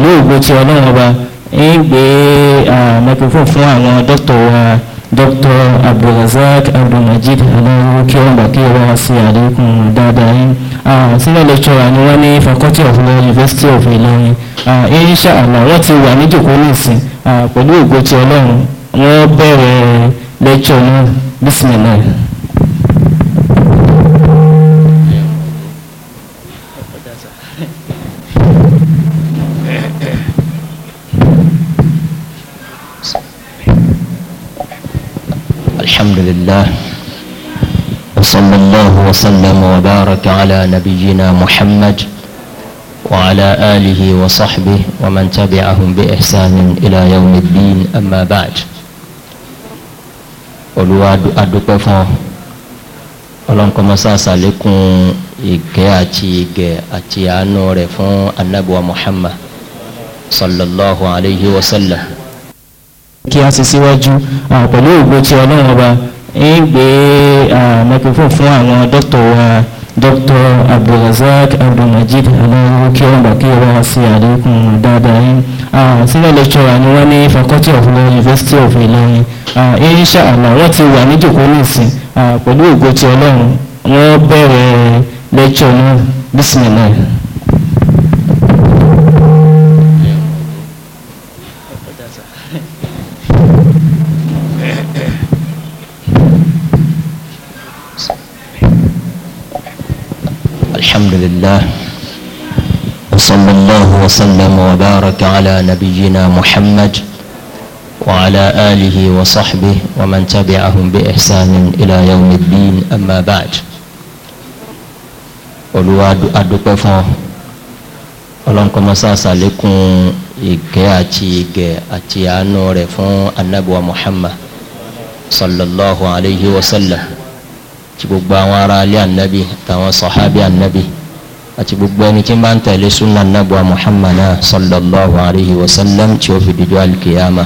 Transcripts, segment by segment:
pẹ̀lú ògbó tí ọlọ́run ọba ń gbé microphone fún àwọn dókítà wa dókítà abdulrasaq abdulmajid aláwo kí wọn kí wọn sí àlékún dáadáa yín sílẹ̀ lecturer ni wọ́n ní faculty of law university of Ilorin. insha allah wọ́n ti wà níjòkó nísìn pẹ̀lú ògbó tí ọlọ́run wọ́n bẹ̀rẹ̀ lecture náà bismillah. الله وصلى الله وسلم وبارك على نبينا محمد وعلى آله وصحبه ومن تبعهم بإحسان إلى يوم الدين أما بعد Olúwa adúpẹ́ fún ọ ọlọ́nkọ́ mọ́sáàsá lékún ìgẹ́ àti ìgẹ́ àti àánú rẹ̀ fún anábùwà Muhammad sallallahu alayhi wa sallam. kí a sì síwájú pẹ̀lú ògbó tí ọlọ́run ọba ń gbé microphone fún àwọn dókítà wa Dr. abdulrasaq abdulmajid na kí wọn bá kí wọn wá sí àlékún dáadáa yín sílẹ̀ lecturer ni wọ́n ní faculty of law university of Ìlọrin insha allah wọ́n ti wà níjòkó nísìn pẹ̀lú ògo ti ọlọ́run wọ́n bẹ̀rẹ̀ lecture náà الحمد لله وصلى الله وسلم وبارك على نبينا محمد وعلى آله وصحبه ومن تبعهم بإحسان إلى يوم الدين أما بعد Olúwa adúpẹ́ fún ọ ọlọ́nkọ́ mọ́sáàsá lékún ìgẹ́ àti ìgẹ́ àti àánú rẹ̀ fún anábùwà Muhammad sallallahu alayhi wa sallam ti gbogbo àwọn ará ilé àtàwọn sọ̀hábì ànábì àti gbogbo ẹni tí ń bá ń tẹ̀lé sunna nabwa muhammad sallallahu alayhi wa sallam tí ó fi dijọ́ alikiyama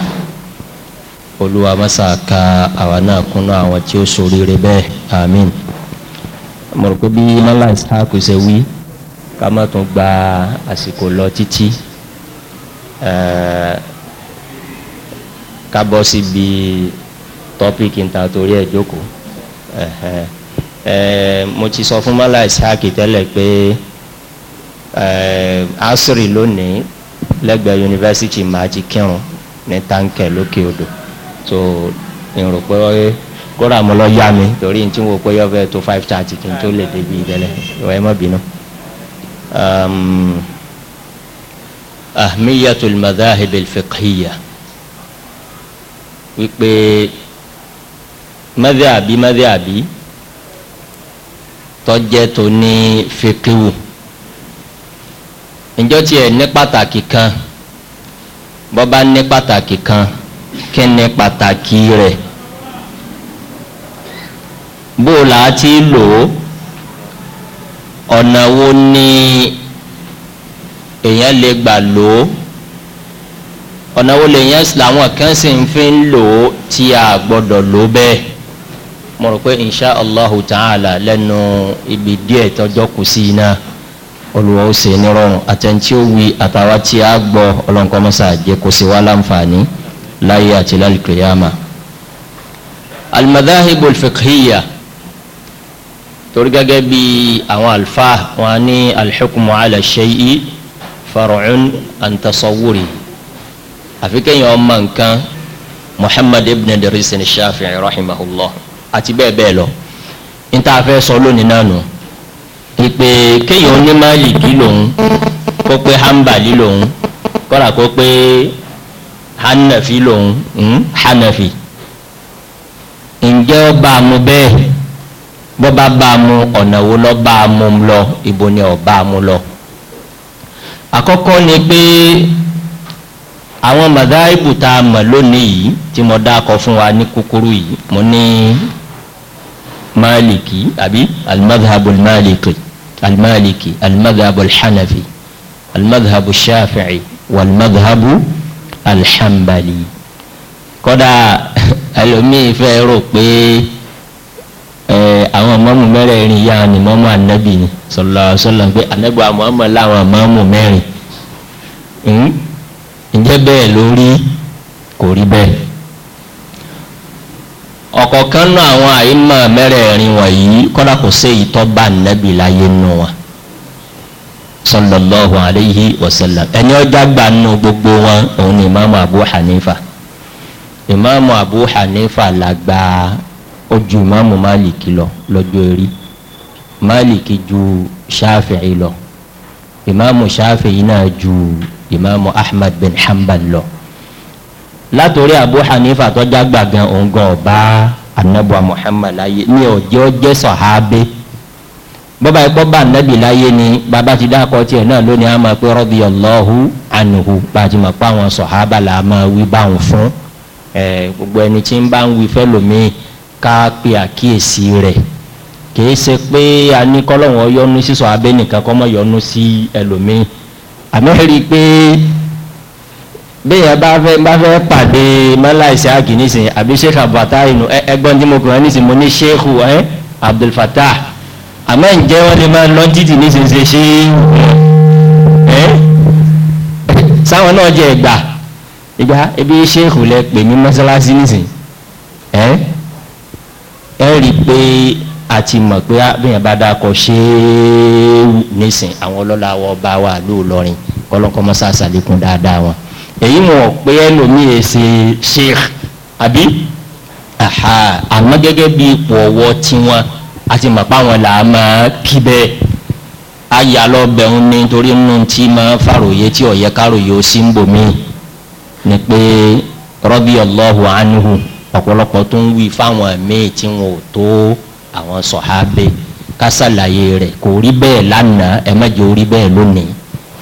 olúwa masa ka àwa náà kúnná àwọn tí ó ṣoríire bẹ́ẹ̀ amin mo rò pé bí mọ́lá ishaq ṣe wí ká má tún gba àsìkò lọ títí ká bọ́ síbi tọ́píkì ń ta torí ẹ̀ jókòó mo ti sọ fún mọ́lá ishaq tẹ́lẹ̀ pé. uh, Eh, asiri lónìí lẹ́gbẹ̀ẹ́ yunifásitì máa ti kírun ní táǹkẹ̀ lókè odò so ìrò pé kódà mo lọ yá mi torí n tí n wo pé yọ fẹ́ tó five thirty kí n tó lè débi ìdẹ́lẹ̀ ìwà ẹ̀ mọ́ bínú. Um, ahmiyatul madahib al-fiqhiyya wípé madhabi madhabi tọ́jẹ́ tó ní fiqhu. ǹjọ́ tiẹ̀ ní pàtàkì kan bọ́ba ní pàtàkì kan kí ni pàtàkì rẹ̀ bó la ti lò ó ọ̀nà wo ni èèyàn lè gbà lò ó ọ̀nà wo lèèyàn làwọn kan sì ń fi ń lò ó tí a gbọ́dọ̀ lò bẹ́ẹ̀ mo rò pé insha ta'ala lẹ́nu ibi díẹ̀ tọjọ́ kù sí olùwà ó ṣe nírọ̀rùn àtẹ̀ntí ó wí àtàwa tí a gbọ́ ọlọ́nkọ́mọ́sá àjẹ kò sí wa láǹfààní láyé àti lálùkìyàmà. almadhahibu alfiqhiyya torí gẹ́gẹ́ bí àwọn alfa wọn ní alḥukmu ala shay'i far'un an tasawwuri àfi kéèyàn ọmọ nǹkan muhammad ibn idris shafi'i rahimahullah àti bẹ́ẹ̀ bẹ́ẹ̀ lọ n ta fẹ́ sọ lónìí náà nù. No ìpè kéèyàn onímọ̀lì kí lòun kó pé hanbali lòun kọ́ra kó pé hanafi lòun hmm, hanafi ǹjẹ́ ó bá a mu bẹ́ẹ̀ bó bá bá a mu ọ̀nà wo lọ́ bá a mu lọ ibo ni ọ̀ bá a mu lọ. àkọ́kọ́ ni pé àwọn màdáìbù tá a mọ̀ lónìí yìí tí mo dákọ fún wa ní kúkúrú yìí mo ní máàlìkì àbí alimadhabu máàlìkì. Al almaliki almadhabu alhanafi almadhabu shafi'i walmadhabu alhambali kódà ẹlòmíì fẹ́ rò pé àwọn mọ́mù mẹ́rẹ̀ẹ̀rin yá ni mọ́mù anabi ni sallallahu alaihi wasallam pé anabi Muhammad láwọn mọ́mù mẹ́rin hmm? ǹjẹ́ bẹ́ẹ̀ lórí kò rí bẹ́ẹ̀ ọ̀kọ̀ọ̀kan nú àwọn àyímọ̀ mẹ́rẹ̀ẹ̀rin wọ̀nyí kọ́dà kò sí ìtọ́ bá nẹ́bí láyé nù wọn sallallahu alayhi wa sallam ẹni ọjà gbà nù gbogbo wọn òun ni imaamu abu hanifa imaamu abu hanifa làgbà ojú imaamu maliki lọ lọ́jọ́ orí maliki ju shafi'i lọ imaamu shafi'i náà ju imaamu ahmad bin hanbal lọ látòrí abu hanifa tọ́já gbàgán òǹgàn ọba anabuwa muhammad láyé ní ọjọ́ jẹ́ sọ̀hábé bọ́bá ẹ bọ́bá anabi láyé ni bàbá ti dákọ̀ tiẹ̀ náà lónìí a máa pé rọ́bì ọlọ́hu ànùhù bàtí mà pa àwọn sọ̀hábà là máa wí báwọn fún ẹ gbogbo ẹni tí ń bá ń wí fẹ́lòmíì ká pe àkíyèsí rẹ̀ kìí ṣe pé a ní kọ́lọ́wọ́n yọnu sí sọ̀hábé nìkan kọ́ mọ́ yọnu sí ẹlòmíì àmọ́ rí i pé bẹ́ẹ̀ bá fẹ́ bá fẹ́ pàdé mọ́lá ìṣáàkì nísìnyí àbí sheikh abdulfatah inú ẹgbọ́n tí mo kàn nísìnyí mo ní sheikh ẹ abdulfatah àmọ́ ǹjẹ́ wọ́n lè máa lọ títì nísìnyí ṣe ẹ sáwọn náà jẹ ìgbà ìgbà ebi sheikh lẹ pè ní mọ́sálásí nísìnyí ẹ ẹ rí i pé àti mọ̀ pé bẹ́ẹ̀ bá dákọ̀ ṣe é nísìnyí àwọn ọlọ́lá wọ bá wà lóòlọ́rin kọ́lọ́kọ́ mọ́sá àṣàlékún dáadáa wọn èyí mọ̀ pé ẹlòmíì èsè sheikh àbí àmọ́ gẹ́gẹ́ bí ipò ọ̀wọ́ tiwọn àti màpá wọn là á máa kí bẹ́ẹ̀ ayé alọ́bẹ̀ún ní torí nínú tí máa fàròyé tí ọ̀yẹ́ káròyé ó sì ń bò mí ni pé rọ́bì ọlọ́hu àánú ọ̀pọ̀lọpọ̀ tó ń wí fáwọn míì tí wọn ò tó àwọn sọ̀hábẹ́ kásàlàyé rẹ̀ kò rí bẹ́ẹ̀ lánàá ẹ má bẹ́ẹ̀ lónìí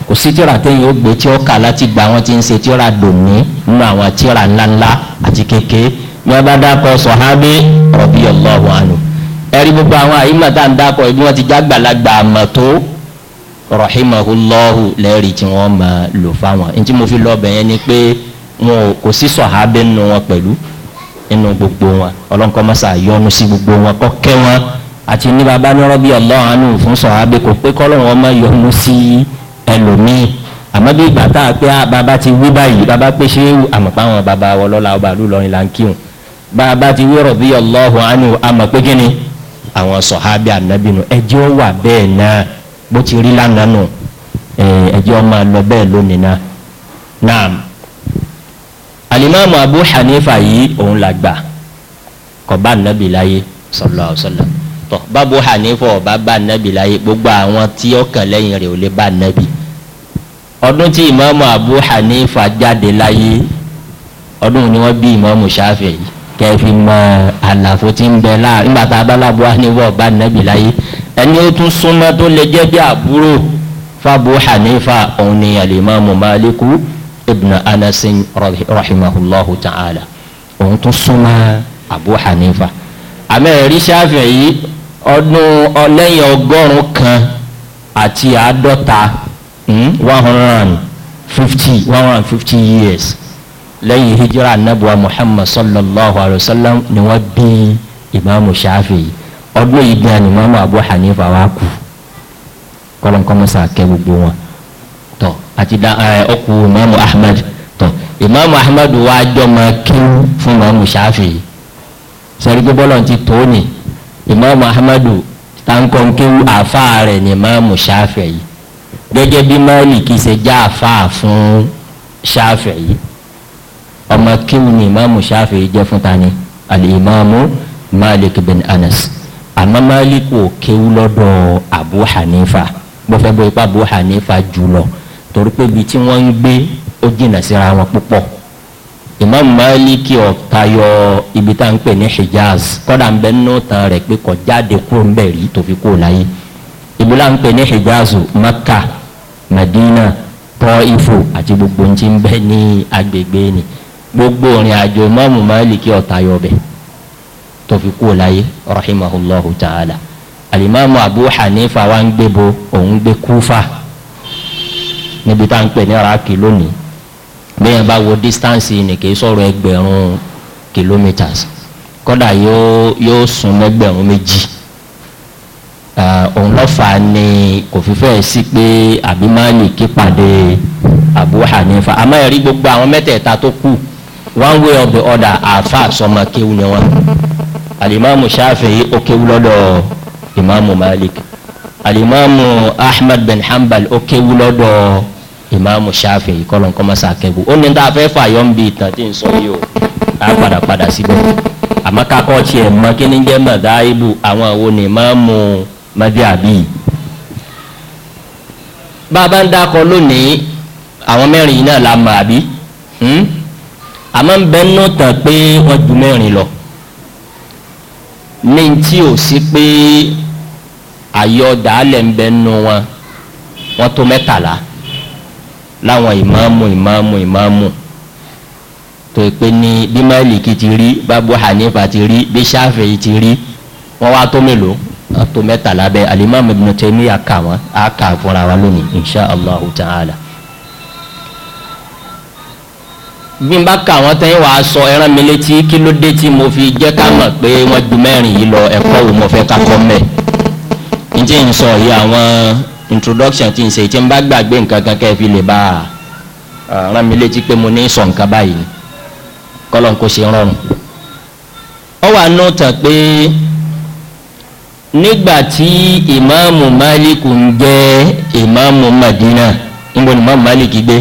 kò sí tíọ́ra téyìn ó gbé tí ó kà láti gba àwọn tí ń ṣe tíọ́ra dòní nínú àwọn tíọ́ra ńláńlá àti kéke ní wọn bá dákọ sọhábí ọbí Allahu anhu ẹrí gbogbo àwọn àyímọ̀ tá à ń dákọ ibi wọn ti jágbàlagbà àmọ̀ tó rahimahullahu lẹ́ẹ̀rí tí wọ́n máa lò fáwọn ntí mo fi lọ yẹn ni pé wọn ò kò sí sọhábí nínú wọn pẹ̀lú nínú gbogbo wọn ọlọ́nkọ́ mọ́sá sí gbogbo wọn kọ́ kẹ́ wọn àti ní baba ní rọ́bì Allahu fún sọhábí kò pé kọ́ ẹlòmíì àmọ́ bí ìgbà tá a pé a ah, bàbá ti wí báyìí bàbá pé ṣé àmọ̀ pa àwọn bàbá wọn lọ́la ọba àlú lọ́rin là ń kírun bàbá ti wí rọ̀ bí ọlọ́hùn àánú àmọ̀ pé kíni àwọn sọ̀hábì ànábìnú ẹjẹ́ ó wà bẹ́ẹ̀ náà bó ti rí lánàá nù ẹjẹ́ ó máa lọ bẹ́ẹ̀ lónìí náà. naam alimami abu hanifa yìí òun la gbà kọ́ bá ànábì láyé sọlọ sọlọ tọ́ bá abu hanifa ọ̀ bá bá ànábì láyé gbogbo àwọn tí ó kàn lẹ́yìn rẹ̀ ò lè bá ànábì ọdún tí ìmáàmù abu hanifa jáde láyé ọdún ni wọ́n bí ìmáàmù ṣáfẹ̀ yìí kẹfì mọ àlàfo tí ń bẹ láàrin nígbà tá hanifa ọba nẹ́bì láyé ẹni ó tún súnmọ́ tó lè jẹ́ bí àbúrò fábu hanifa òun ni alimami maliku ibn anasin rahimahulahu ta'ala òun tún súnmọ́ abu hanifa àmẹ́rẹ́rí ṣáfẹ̀ yìí ọdún ọlẹ́yìn ọgọ́rùn-ún kan àti àádọ́ta. Hmm? one hundred and fifty one hundred and fifty years lẹ́yìn hijira anabuwa muhammad sallallahu alayhi wa sallam ni wọ́n bí imaamu shafi ọdún yìí gan ni imaamu abu hanifa wa kú kọ́lọ́nkọ́mọ́sá kẹ́ gbogbo wọn tọ́ àti ọkù imaamu ahmed tọ́ imaamu ahmed wa jọ ma kíw fún imaamu shafi sẹ́ríkì bọ́lọ̀ ti tóni imaamu ahmed tankọ́nkíw àfa rẹ̀ ni imaamu shafi yìí gẹ́gẹ́ bí Málíkì ṣe já àfáà fún Ṣáfi'í ọmọ kíw ni ìmáàmù Ṣáfi'í jẹ́ fún tani al Malik bin Anas àmọ́ Málíkì ò kéwú lọ́dọ̀ Abu Hanifa bọ́fẹ́ bọ́ ipá Abu Hanifa jùlọ torí pé ibi tí wọ́n ń gbé ó jìnnà síra wọn púpọ̀ imam maliki ọ̀tayọ ibi tá à ń pè ní hijaz kọ́dà ń bẹ nínú tan rẹ̀ pé kọjáde kúrò ń bẹ̀ rí tó fi kúrò láyé ibi là ń pè ní hijaz makka madina tọ́ìfò àti gbogbo ohun tí ń bẹ ní agbègbè ni gbogbo òrìn àjò mọ́mù máàlìkì ọ̀tá yọbẹ̀ tó fi kú láyé rahimahulahu ta'ala alimami abu hanifa wa ń gbébo òun gbé kúfà níbi tá à ń pè ní raki lónìí bẹ́ẹ̀ bá wo distance ni kì í sọ̀rọ̀ ẹgbẹ̀rún kilometers kódà yóò yóò sún mẹ́gbẹ̀rún méjì. Eh, òun lọ́fà ni kò fi fẹ́ sí pé àbí Málíkì pàdé Abu Hanifa àmọ́ ẹ̀rí gbogbo àwọn mẹ́tẹ̀ẹ̀ta tó kù one way or the other àáfà sọmọ kéwù ni wọn alimami Shafi'i ó kéwù lọ́dọ̀ imaamu Malik alimami Ahmad bin Hanbal ó kéwù lọ́dọ̀ imaamu Shafi'i kọlọ̀nkọ́mọ́sá kẹ́gù ó ní tá a fẹ́ fààyọ́ ń bi ìtàn tí ń sọ yìí o a padà padà síbẹ̀ àmọ́ kakọ́ tiẹ̀ mọ́ kí ni jẹ́ mọ̀ dáìbù àwọn wo ni imaamu mọ́bí àbí. bàbá ń dákọ lónìí àwọn mẹ́rin yìí náà la mọ̀ àbí àmọ́ hmm? ń bẹ nínú tàn pé wọ́n ju mẹ́rin lọ ní tí ò sí pé àyọ̀dà alẹ̀ ń bẹ nínú wọn wọ́n tó mẹ́tàlá láwọn ìmáàmù ìmáàmù ìmáàmù tó pé ní bí Málíkì ti rí bábu Hanifa ti rí bí Ṣáfi'í ti rí wọ́n wá tó mélòó ato mẹ́tàlá bẹ́ẹ̀ alimami ibn taymi aka wọn aka fúnra wa lónìí insha allah ta'ala. bí n bá ka àwọn tẹ́yìn wàá sọ ẹran mi létí kí ló dé tí mo fi jẹ́ ká mọ̀ pé wọ́n ju mẹ́rin yìí lọ ẹ̀kọ́ wo mo fẹ́ ká kọ́ mẹ́. n tí ń sọ yìí àwọn introduction tí n ṣe tí n bá gbàgbé nǹkan kan kẹ́ fi lè bá a rán mi létí pé mo ní sọ nǹkan báyìí kọ́lọ́n kó ṣe rọrùn. ọ wà nù tàn pé nígbàtí ìmáàmù málìkù ń jẹ́ ìmáàmù madina níbo ni ìmáàmù málìkù gbé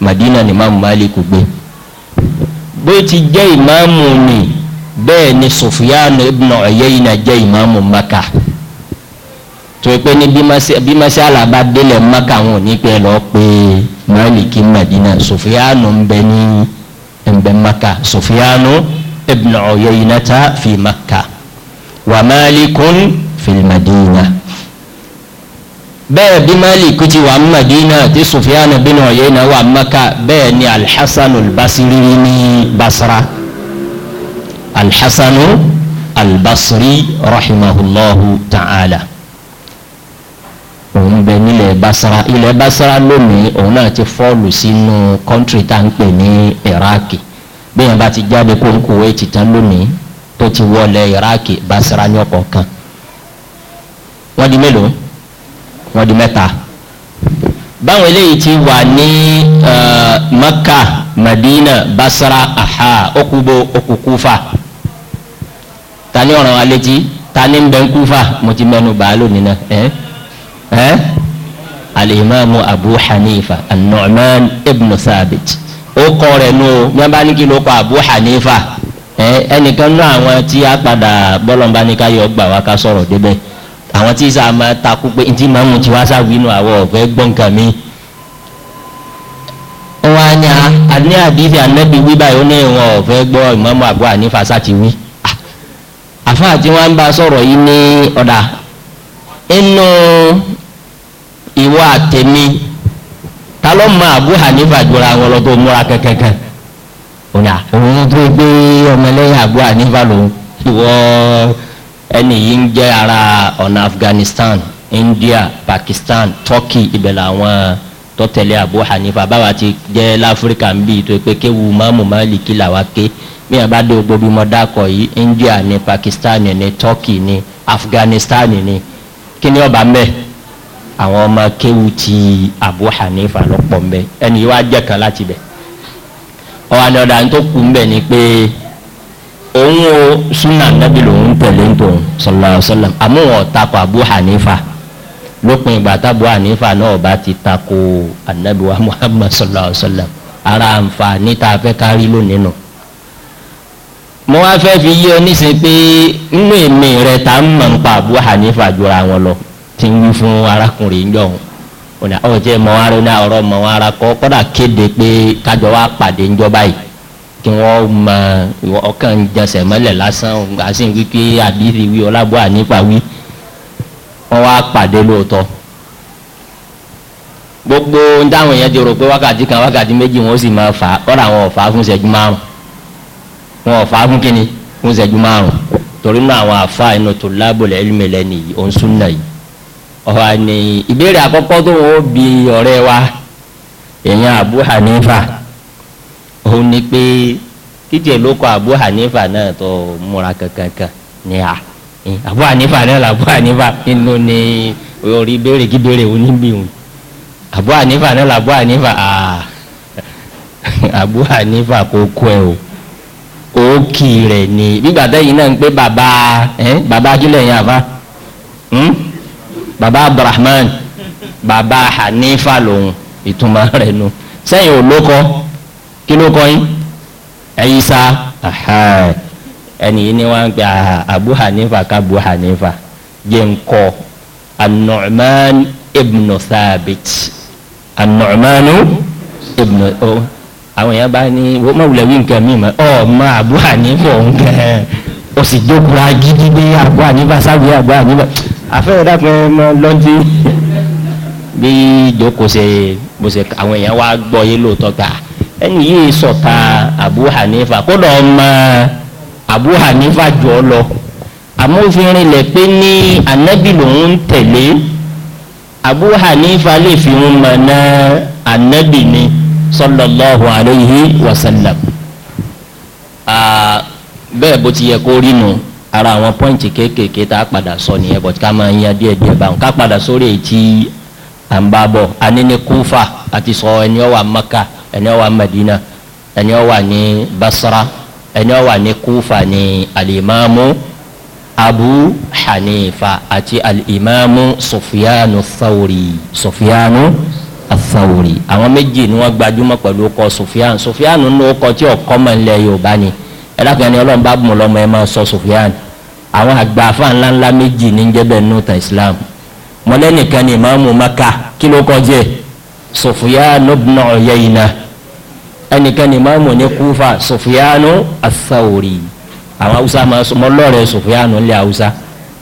madina ni ìmáàmù málìkù gbé bó ti jẹ́ ìmáàmù ni bẹ́ẹ̀ ni sufyan ibn uyayna jẹ́ ìmáàmù maka tó pé ní bí masala bá délẹ̀ maka wọn ò ní pẹ́ lọ́ọ́ pé madina sufyan ń bẹ ní maka sufyan ibn uyayna ta fi maka wa malikun fil madina bẹ́ẹ̀ bí malik ti wà madina tí sufyan bin uyayna wà maka bẹ́ẹ̀ ni alhassan albasiri ní basra alhassan albasiri rahimahullahu ta'ala òun bẹ nílẹ̀ basra ilẹ̀ basra lónìí òun náà ti fọ́ọ̀lù sínú kọ́ńtì tá ń pè ní iraki bí yẹn bá ti jáde kó ń kuwait tán lónìí tó ti wọlé iraki basra ní ọkọ̀ kan wọ́n di mélòó wọ́n di mẹ́ta báwọn eléyìí ti wà ní maka madina Basara, aha okubo okukufa tani ọ̀ràn alẹ́tí tani ń bẹ ń kúfà mo ti mẹ́nu bàálù nínú ẹ̀ ẹ́ alimami abu hanifa an-nu'man ibn sabit ó kọ́ rẹ̀ nù o ní wọ́n bá ní kí ló kọ́ abu hanifa ẹnìkan náà àwọn tí a padà bọ́lọ̀ ń bá ní ká yọ gbà wá ká sọ̀rọ̀ débẹ̀ àwọn tí sáà máa takú pé ntí màá mú tiwa sáà wínú àwọn ọ̀fẹ́ gbọ̀ǹkà mi. wọn á ní àní àdìsí ànẹ́bí wí báyìí ó ní ìwọ̀n ọ̀fẹ́ gbọ́ ìmọ̀mù àgọ́ ànífàsá ti wí. Ah, àfa àti wọn bá sọ̀rọ̀ yìí ní ọ̀dà inú ìwọ àtẹ̀mí ta ló mọ àbú hanifa jura àwọn lọ tó múra kankankan òun tó gbé ọmọlẹ́yìn àbú hanifa lòun ìwọ ẹni yìí ń jẹ́ ara ọ̀nà Afghanistan India Pakistan Turkey ibẹ̀ làwọn tó tẹ̀lé Abu Hanifa báwa ti jẹ́ láfíríkà ń bí i tó pé kéwu mọ́mù Málìkì làwa ké bí wọn dé gbogbo mọ́ dákọ̀ yìí India ni Pakistan ni Turkey ni Afghanistan ni kí ni ọba mbẹ àwọn ọmọ kéwu ti Abu Hanifa lọ́pọ̀ mbẹ ẹni yìí wá jẹ́ kan láti bẹ̀ ọ̀hánà ọ̀dà tó kù mbẹ ni pé. Pe òun o sunna nabi lòun tẹ̀lé ń tòun sallallahu alaihi wasallam àmọ́ wọn takò abu hanifa lópin ìgbà tábu hanifa náà bá ti takò anabi wa muhammad sallallahu alaihi wasallam ara àǹfààní tá a fẹ́ kárí lónìí nù. mo wá fẹ́ fi yí ọ níṣe pé nínú èmi rẹ tá a mọ̀ nípa abu hanifa jura wọn lọ ti ń wí fún arákùnrin jọ ọ̀nà ọ̀jẹ̀ mọ̀ ní ọ̀rọ̀ mọ̀ kọ́ kọ́dà kéde pé kájọ wá pàdé ńjọba yìí kí wọ́n mọ ọkàn jẹsẹ̀ mọ́lẹ̀ lásán àsìn wípé àbífi wí ọlábọ́ ànípa wí wọ́n wá pàdé lóòótọ́ gbogbo ń dáhùn èèyàn ti rò pé wákàtí kan wákàtí méjì wọn ó sì máa fà á kọ́ra àwọn ọ̀fà fún ìṣẹ́jú márùn wọn ọ̀fà fún kínní fún ìṣẹ́jú márùn torí náà àwọn àfa inú tó lábòlẹ̀ ẹlùmẹ̀lẹ̀ nìyí òun sún náà yìí ọ̀hà ni ìbéèrè àkọ́kọ́ tó wọ́n bí ọ̀rẹ́ wa èèyàn Abu Hanifa ó ní pé kíjẹ ló kọ Abu Hanifa náà tó múra kankankan ní a Abu Hanifa náà la Abu Hanifa nínú ní orí béèrè kí béèrè oníbìrún Abu Hanifa náà la Abu Hanifa aa Abu Hanifa kò kọ ẹ o òkì rẹ ni gbígbà tẹ̀yin náà ń pé baba ẹ baba akílẹ̀ yẹn àfa hmm? baba Abdulrahman baba Hanifa lòun ìtumọ̀ rẹ̀ nu sẹ́yìn olókọ́. Kilo ló kọ́ yín ẹ̀yin sá ẹni yìí ni wọ́n ń pè Abu Hanifa ká Abu Hanifa jẹ́ ń kọ́ An-Nu'man ibn Thabit An-Nu'manu ibn o àwọn èèyàn bá ní wọ́n máa wulẹ̀ wí nǹkan mi mọ́ ọ ma Abu Hanifa òun kẹ́ o sì jókòó agídí bí Abu Hanifa sábẹ́ Abu Hanifa àfẹ́rẹ́ dàpẹ́ mọ lọ́dí bí jókòó ṣe bó ṣe àwọn èèyàn wá gbọ́ yé lóòótọ́ gbà ẹni yìí sọ̀tà Abu Hanifa kódà ọmọ Abu Hanifa jọ lọ amófinrin lẹ pé ní anabi lòun ń tẹ̀lé Abu Hanifa lè fi ń mọ̀ ná anabi ni sallallahu alayhi wa sallam bẹ́ẹ̀ bó ti yẹ kó rí nu ara àwọn pọ́ǹtì kéékèèké tá a padà sọ nìyẹn bọ̀ ká máa ń yan díẹ̀ díẹ̀ báwọn ká padà sórí èyí tí à ń bá bọ̀ a àti sọ ẹni ọ̀wà Mẹ́kà ẹni ó wà Madina ẹni ó wà ní Basra ẹni ó wà ní Kufa ní alimami Abu Hanifa àti alimami Sufyanu Thawri Sufyanu Thawri àwọn méjì ni wọ́n gbajúmọ̀ pẹ̀lú ọkọ Sufyan Sufyan ní ọkọ tí ọkọ mọ̀ nílẹ̀ Yorùbá ni ẹ lákàn ni Ọlọ́run bá bùn lọ́mọ ẹ máa sọ Sufyan àwọn àgbààfà ńláńlá méjì ní jẹ́bẹ̀ nùtà Islam mọ̀lẹ́nìkan ni ìmáàmù Maka kí ló kọjẹ́ Sufyan ibn Uyayna ẹnìkan ni máa mọ̀ ní kúfà sọfìyànù asáwòrì àwọn haúsá máa sọ mọ lọ́rẹ̀ sọfìyànù ilẹ̀ haúsá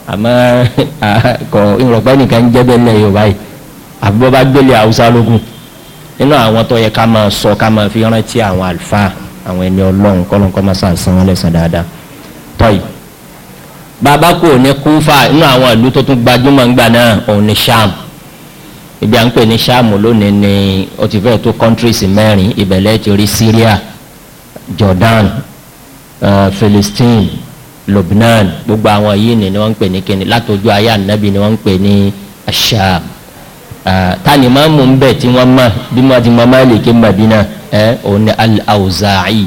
àmọ́ kọ ìrọ̀pẹ́ nìkan ń jẹ́bẹ̀ ilẹ̀ yorùbá yìí àbúrò bá gbélé haúsá lógún nínú àwọn tó yẹ ká máa sọ ká máa fi rántí àwọn àlùfáà àwọn ẹni ọlọ́run kọ́lọ́n kọ́ máa sàn wọn lẹ́sàn dáadáa tọ́yì bàbá ní kúfà nínú àwọn ìlú tó tún gbajúmọ̀ ńgbà náà òun ni sham ibi à ń pè ní sáàmù lónìí ni ó ti fẹ́ tó countries mẹ́rin ìbẹ̀lẹ̀ ti rí Syria Jordan uh, Philistine Lebanon gbogbo àwọn yìí ni wọ́n ń pè ní kíni látọjú ayé ànábì ni wọ́n ń pè ní Sham uh, tani máa ń mú bẹ tí wọ́n mọ̀ bí wọ́n ti mọ̀ Málìkì Madina ẹ̀ òun ni al-Awza'i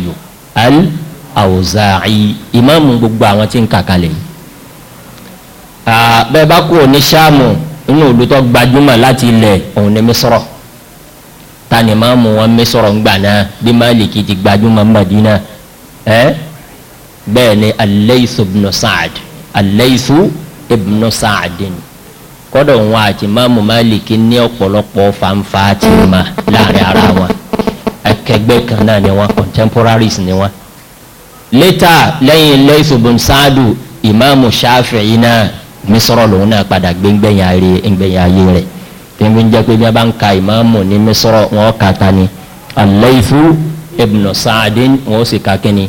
al-Awza'i ìmáàmù gbogbo àwọn tí ń kàkalẹ̀ yìí uh, bẹ́ẹ̀ bá kú òní sáàmù inú olùtọ́ gbajúmọ̀ láti ilẹ̀ òun ni mísọ̀rọ̀ ta ni máa mú wọn mísọ̀rọ̀ ńgbà náà bí máàlìkì ti gbajúmọ̀ mọ̀dínà ẹ́ bẹ́ẹ̀ ni aleisu ibnu saad aleisu ibnu saadin kọ́dọ̀ wọn àti máàmù máàlìkì ní ọ̀pọ̀lọpọ̀ fanfa ti ma láàrin ara wọn akẹgbẹ́ kan náà ni wọn contemporaries ni wọn. lẹ́tà lẹ́yìn aleisu ibnu saadu ìmáàmù shafi'i náà mísọ̀rọ̀ lòun náà padà gbẹ̀ngbẹ̀yìn ayé gbẹ̀ngbẹ̀yìn ayé rẹ̀ tẹ́gbẹ́ ń jẹ́ pé bí a bá ń ka ìmáàmù ní mísọ̀rọ̀ wọn kà ta ni alayfu ibn saadin wọn sì ka kínni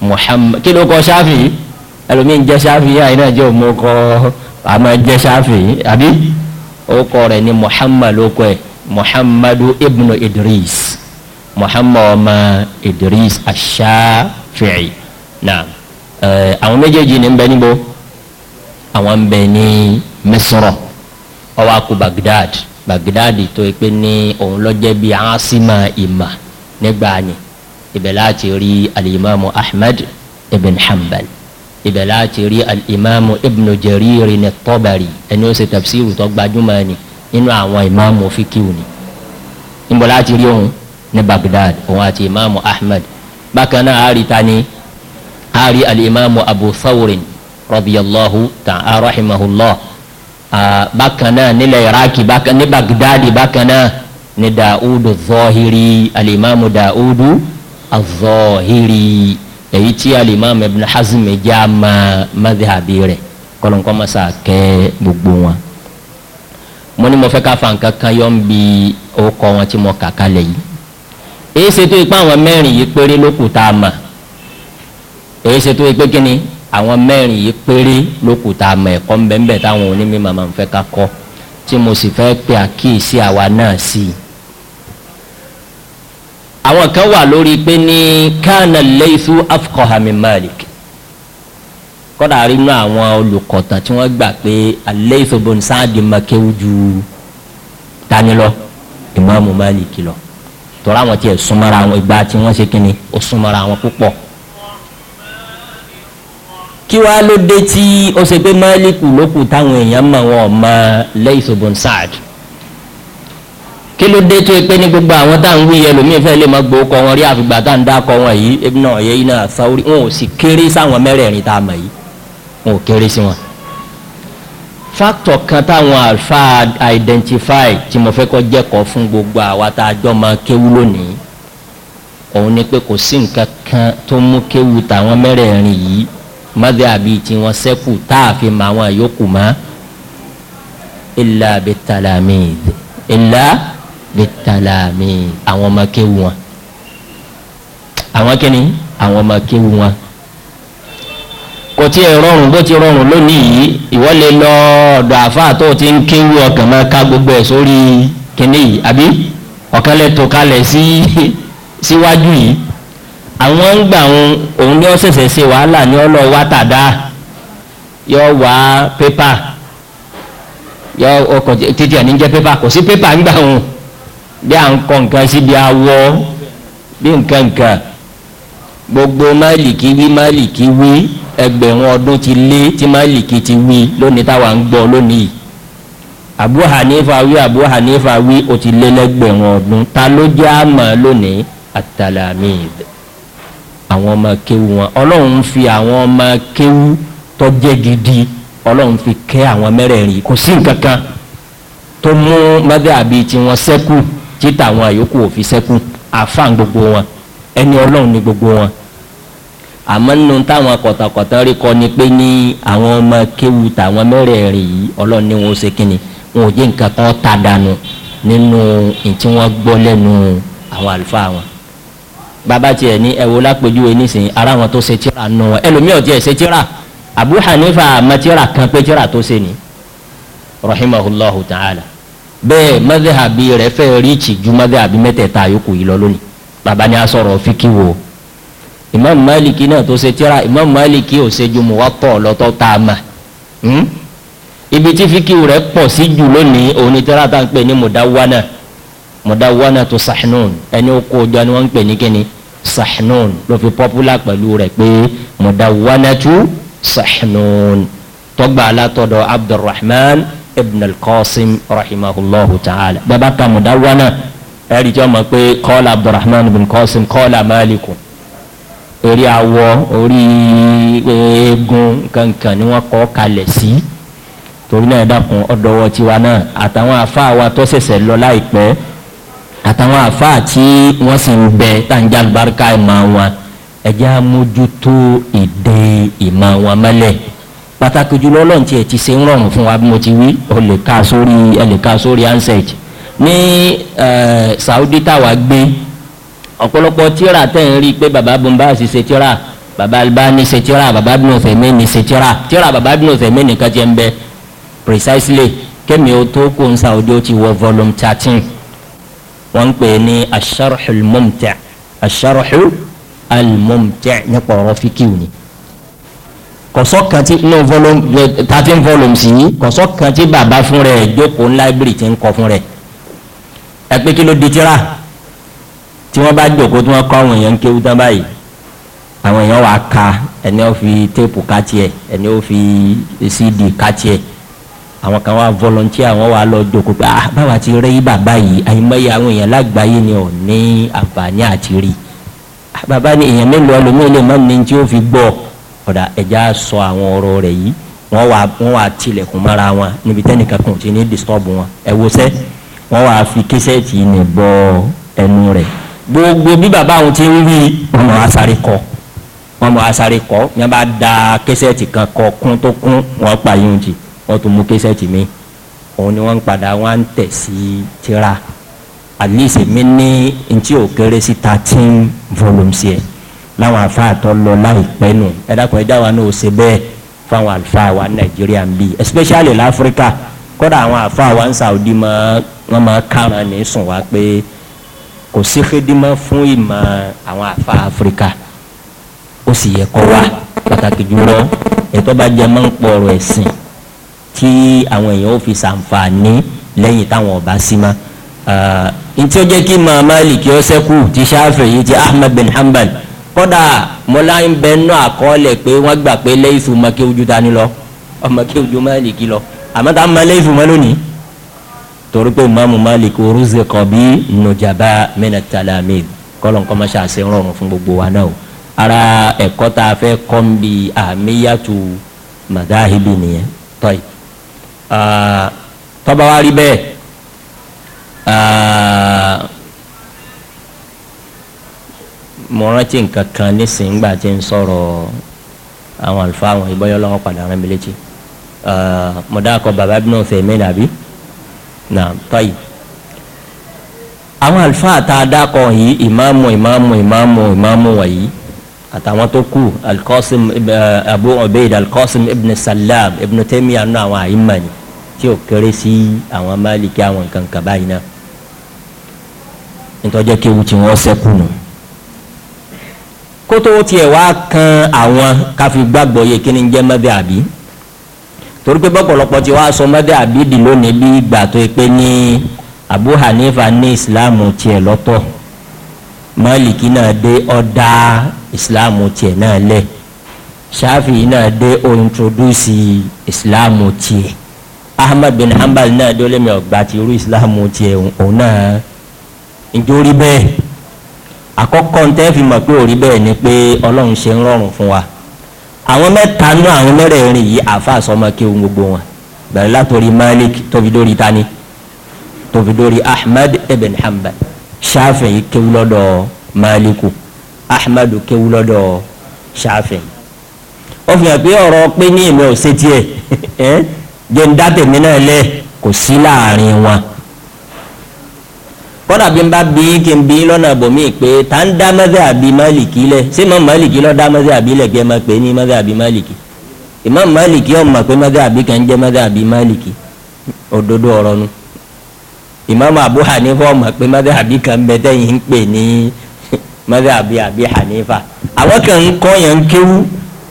muhammad kí ló kọ ṣáfì ẹlòmíín jẹ́ ṣáfì àyìn náà jẹ́ òun kọ́ àmọ́ jẹ́ ṣáfì àbí ó kọ rẹ̀ ni muhammad ó kọ ẹ̀ muhammadu ibnu idris muhammad ọmọ idris aṣáfì náà àwọn méjèèjì ní ń bẹ níbo àwọn ń bẹ ní Misra ó wá kù Baghdad Baghdad tó yẹ pé ní òun lọ́jẹ́ bíi asima ìmà nígbà yẹn ibẹ̀ láti rí alimami Ahmad ibn Hanbal ibẹ̀ láti rí alimami ibn Jarir ní Tabari ẹni ó ṣe tafsiru tó gbajúmọ̀ ni nínú àwọn ìmáàmù fíkìwù ni níbo láti rí òun ní Baghdad òun àti ìmáàmù Ahmad bákan náà àárí ta ni àárí alimami Abu Thawrin radiyallahu ta'ala rahimahullah ah, bákan náà nílẹ̀ iraki ní bagdadi bákan náà ní daudu zọhiri alimami daudu azọhiri èyí tí alimami ibn hazm jẹ́ àmà madhabi rẹ̀ kọlọ́nkọ́ masa kẹ́ gbogbo wọn. mo ní mo fẹ́ ká fa nǹkan kan yọ̀ ń bi ọkọ̀ wọn tí mo kà kalẹ̀ yìí èyí ṣe ipá àwọn mẹ́rin yìí péré ló kù èyí ṣe ipé kínní àwọn mẹ́rin yìí péré lókùtà àmọ̀ ẹ̀kọ́ ńbẹ́ńbẹ́ táwọn onímọ̀ máa ń fẹ́ ká kọ́ tí mo sì fẹ́ pe àkíyèsí àwa náà sí i. àwọn kan wà lórí pé ní kánà laythu afqaha min Malik kọ́dà rínú àwọn olùkọ́tàn tí wọ́n gbà pé al-Laythu bun Sa'd ju tani lọ Malik lọ tọ́ra àwọn tiẹ̀ súnmọ́ra àwọn ìgbà tí wọ́n ṣe kínni ó súnmọ́ra àwọn púpọ̀. kí wàá ló dé tí ó ṣe pé máàlìkù lókù táwọn èèyàn mọ̀ wọn ọ̀mọ Layth ibn Sa'd kí ló dé tó yẹ pé gbogbo àwọn wí lómi ìfẹ́ lè mọ kọ wọn rí àfìgbà tá dá kọ wọn yìí ebi náà ọ̀yẹ́ yìí náà wọn ò sì kéré sáwọn tá a mọ̀ yìí wọn ò kéré kan táwọn alfa identify tí mo fẹ́ kọ́ fún gbogbo àwa tá a jọ máa kéwú lónìí òun kan tó mú kéwú táwọn mọ́tò àbí tiwọn sẹ́kù tá a fi mọ àwọn yòókù mọ́ ilà bitalami ilà bitalami àwọn ọmọ kéwù wọn àwọn kíni àwọn ọmọ kéwù wọn kò tí ì rọrùn bó ti rọrùn lónìí yìí ìwọ lọ ọ̀dọ̀ àáfàá tó ti ń kéwu ọkàn máa ka gbogbo ẹ̀ sórí kíní yìí àbí ọ̀kan lè tó kalẹ̀ sí síwájú yìí àwọn ń gbà wọn òun ni wọ́n ṣẹ̀ṣẹ̀ ṣe wàhálà ni wọ́n lọ wá tàdá yọ wá pépà yọ ọkọ̀ títí ẹ̀ ní jẹ́ pépà kò sí pépà ń gbà wọn bí à ń kọ nǹkan síbi awọ bí nǹkan nǹkan gbogbo máìlìkì wí máìlìkì wí ẹgbẹ̀rún ọdún ti lé tí máìlìkì ti wí lónìí táwa ń gbọ́ lónìí abu hanifa wí abu hanifa wí o ti lé lẹ́gbẹ̀rún ọdún ta ló jẹ́ àmọ́ lónìí at àwọn ọmọ kewu wọn ọlọ́run fi àwọn ọmọ kéwú tó jẹ́ gidi ọlọ́run fi kẹ́ àwọn mẹ́rẹ̀ẹ̀rin kò sí nǹkan kan tó mú mọ́dàbí tiwọn sẹ́kù títà àwọn àyókù òfin sẹ́kù àfáàn gbogbo wọn ẹni ọlọ́run ní gbogbo wọn àmọ́ nínú táwọn kọ̀tàkọ̀tà rí kọ́ ni pé ní àwọn ọmọ kéwu tàwọn mẹ́rẹ̀ẹ̀rin yìí ọlọ́run wọn ó ṣe wọn ò jẹ́ nǹkan wọn. bàbá tiẹ̀ ní ẹ̀wò ni nísìnyí ara wọn tó ṣe tíra nù wọn ẹlòmíràn tiẹ̀ ṣe tíra abu hanifa matira kan pé tíra tó ṣe ni rahimahulahu ta'ala bẹ́ẹ̀ madhabi rẹ̀ fẹ́ ríìchì ju madhabi mẹ́tẹ̀ẹ̀ta yòókù yìí lọ lónìí bàbá ni a sọ̀rọ̀ fíkìwò imam maliki náà tó ṣe tíra imam maliki ò ṣe ju muwatọ̀ lọ́tọ̀ tá a mà hmm? ibi tí fíkìwò rẹ̀ pọ̀ sí jù lónìí òun ni tíra tá à ń pè ní mudawana mudawana tó sahnun ẹni ó kó jọ ni wọ́n ń pè ní kíni sahnun ló fi popular pẹ̀lú rẹ̀ pé mudawanatu sahnun tọgbà alátọ̀dọ̀ abdulrahman ibn al-qasim rahimahullahu ta'ala bàbá ka mudawana ẹ̀rí tí wọ́n mọ̀ pé kọ́lá abdulrahman ibn qasim kọ́lá maliku orí awọ orí eegun kankan ni wọ́n kọ́ kalẹ̀ sí torí náà dàkún ọ̀dọ̀wọ̀ tiwa náà àtàwọn afáwa tó ṣẹ̀ṣẹ̀ lọ láìpẹ́ àtàwọn àfáà tí wọ́n sì ń bẹ tàǹjà barika ìmọ̀ wọn ẹ̀jẹ̀ amójútó ìdè ìmọ̀ wọn mẹ́lẹ̀ pàtàkì jùlọ ọlọ́run tiẹ̀ ti ṣe ń rọrùn fún wa bí mo ti wí ọ sórí ẹ sórí ansẹ̀t ní Saudi táwa gbé ọ̀pọ̀lọpọ̀ tíra tẹ̀ ń rí i pé baba bumba sì ṣe tíra baba Albani ṣe tíra baba bínú fẹ̀mẹ́ ni ṣe tíra tíra baba bínú fẹ̀mẹ́ nìkan jẹ́ ń bẹ precisely kémi o tó kó n Saudi ó ti wọ volume thirteen wọ́n ń pè ní asharhu al-mumti' asharhu al-mumti' nípa ọ̀rọ̀ fíkìw ni kọ̀sọ́ kan tí inú volume thirteen volumes yìí kọ̀sọ́ kan tí bàbá fún rẹ̀ jókòó library ti ń kọ́ fún rẹ̀ ẹ pé kí ló di tíra tí wọ́n bá jókòó tí wọ́n kọ́ àwọn èèyàn ń kéwú tán báyìí àwọn èèyàn wàá ka ẹni ó fi téèpù ká tiẹ̀ ẹni ó fi cd ká tiẹ̀ àwọn kan wá volunteer àwọn wá lọ jókòó pé ah báwa ti rí bàbá yìí àìmọye àwọn èèyàn lágbàáyé ni ò ní àǹfààní àti rí ah, bàbá ni èèyàn mélòó ẹlòmíín lè má ní tí ó fi gbọ́ ọ̀dà ẹ̀já sọ àwọn ọ̀rọ̀ rẹ̀ yìí wọ́n wá wọ́n wá tilẹ̀kùn mọ́ra wọn níbi tẹ́nìkan kan ti ní disturb wọn ẹ wo sẹ́ wọ́n wá fi késẹ́ẹ̀tì ní bọ ẹnu rẹ̀ gbogbo bí bàbá àwọn ti ń rí ọmọ asáré kọ́ ọmọ asáré kọ́ yẹn bá da késẹ́ẹ̀tì kan kọ kún tó kún wọ́n pa yín jì wọ́n tún mú késẹ́ẹ̀tì mi òun ni wọ́n padà wọ́n ń tẹ̀ sí tíra at least mi ní ntí ò kéré sí thirteen volumes yẹn láwọn àfáà tó lọ láìpẹ́ nù ẹ dákun ẹ já wa náà ó ṣe bẹ́ẹ̀ fáwọn àlùfáà wa nàìjíríà ń bí especially láfíríkà kódà àwọn àfáà wa ń Saudi mọ́ wọ́n máa kárán ní sùn wá pé kò sí xédímọ́ fún ìmọ̀ àwọn àfáà áfíríkà ó sì yẹ kó wá pàtàkì jùlọ ètò bá jẹ mọ́ ń pọ̀ ọ̀rọ̀ ẹ̀sìn tí àwọn èèyàn ó fi ṣàǹfààní lẹ́yìn táwọn ọba sí ma ntí ó jẹ́ kí màá Málìkì ó ṣẹ́kù ti Ṣáfi'í ti Ahmad bin Hanbal kódà mọ́lá ń bẹ nínú àkọọ́lẹ̀ pé wọ́n gbà pé lẹ́yìnfù makéwujú dání lọ ọmọkéwujú Málìkì lọ àmọ́ tá a máa lẹ́yìnfù mọ́ lónìí torí pé màmú Málìkì orúzẹ̀kọ̀ bí nùjàbá mẹ́nà tàlámì kọ́lọ̀ nǹkan máa ṣàṣẹ rọrùn fún gbogbo wa náà ara ẹ̀kọ́ tá a fẹ́ kọ́ ń bi àmì yàtú màdáhìbì nìyẹn tọ́yì. Ah, tọ́ba wa rí bẹ́ẹ̀ ah, mo rántí nǹkan kan nísìnyí nígbà tí n sọ̀rọ̀ àwọn àlùfáà àwọn ìbọ́yọ́ lọ́wọ́ padà rán mi létí ah, mo dákọ̀ bàbá bí náà fẹ́ mi nàbí nà tọ́yì àwọn àlùfáà tá a dákọ̀ yìí ìmáàmù ìmáàmù ìmáàmù ìmáàmù wọ̀nyí àtàwọn tó kù alqasim eh, abu obeid alqasim ibn salam ibn taymiya nù àwọn àyìnmánì tí ó kéré sí àwọn máàlìkì àwọn nǹkan kan báyìí náà nítorí jẹ́ kéwu tí wọ́n sẹ́kù nù. kótó tiẹ̀ wá kan àwọn káfí gbàgbọ́ yẹ kí ni jẹ́ mọ́bẹ́ àbí torí pé bọ́pọ̀lọpọ̀ tí wàá sọ mọ́bẹ́ àbí dì lónìí bí ìgbà pé ní abu hanifa ní islam tiẹ̀ lọ́tọ̀ Maliki náà dé ọ̀dà ìsìláàmù tiẹ̀ náà lẹ̀ Ṣáfìí náà dé ó introduce ìsìláàmù tiẹ̀ Ahmad bin Hanbal náà dé olómi ọ̀gbà ti irú ìsìláàmù tiẹ̀ òun náà nítorí bẹ́ẹ̀ àkọ́kọ́ ń tẹ́ fi mọ̀ pé òrí bẹ́ẹ̀ ni pé Ọlọ́run ṣe ń rọrùn fún wa àwọn mẹ́ta nú àwọn mẹ́rẹ̀ẹ̀rin yìí àáfàá sọmọ kí ohun gbogbo wọn bẹ̀rẹ̀ látòrí Malik tóbi dórí tani tóbi dórí Ahmad ibn Hanbal. Shafi'i kéwú lọ́dọ̀ Maliku Ahmadu kéwú lọ́dọ̀ Shafi'i ó fi hàn pé ọ̀rọ̀ pé ní èmi ò ṣe tiẹ̀ ẹ́ jẹ́ ń kò sí n bá bí kí n bí lọ́nà bòmí pé tá ń dá mọ́tẹ́ àbí Málìkì lẹ̀ ṣé mọ́ lọ́ dá àbí lẹ̀ kí ẹ máa pè ní àbí ọ̀ mọ̀ pé àbí kan jẹ́ àbí òdodo ìmáàmù abu hanifa ọmọ pé mọ́tàbí kan bẹ tẹ́yìn ń pè ní mọ́tàbí abi hanifa àwọn kan ń kọ́ yẹn ń kéwú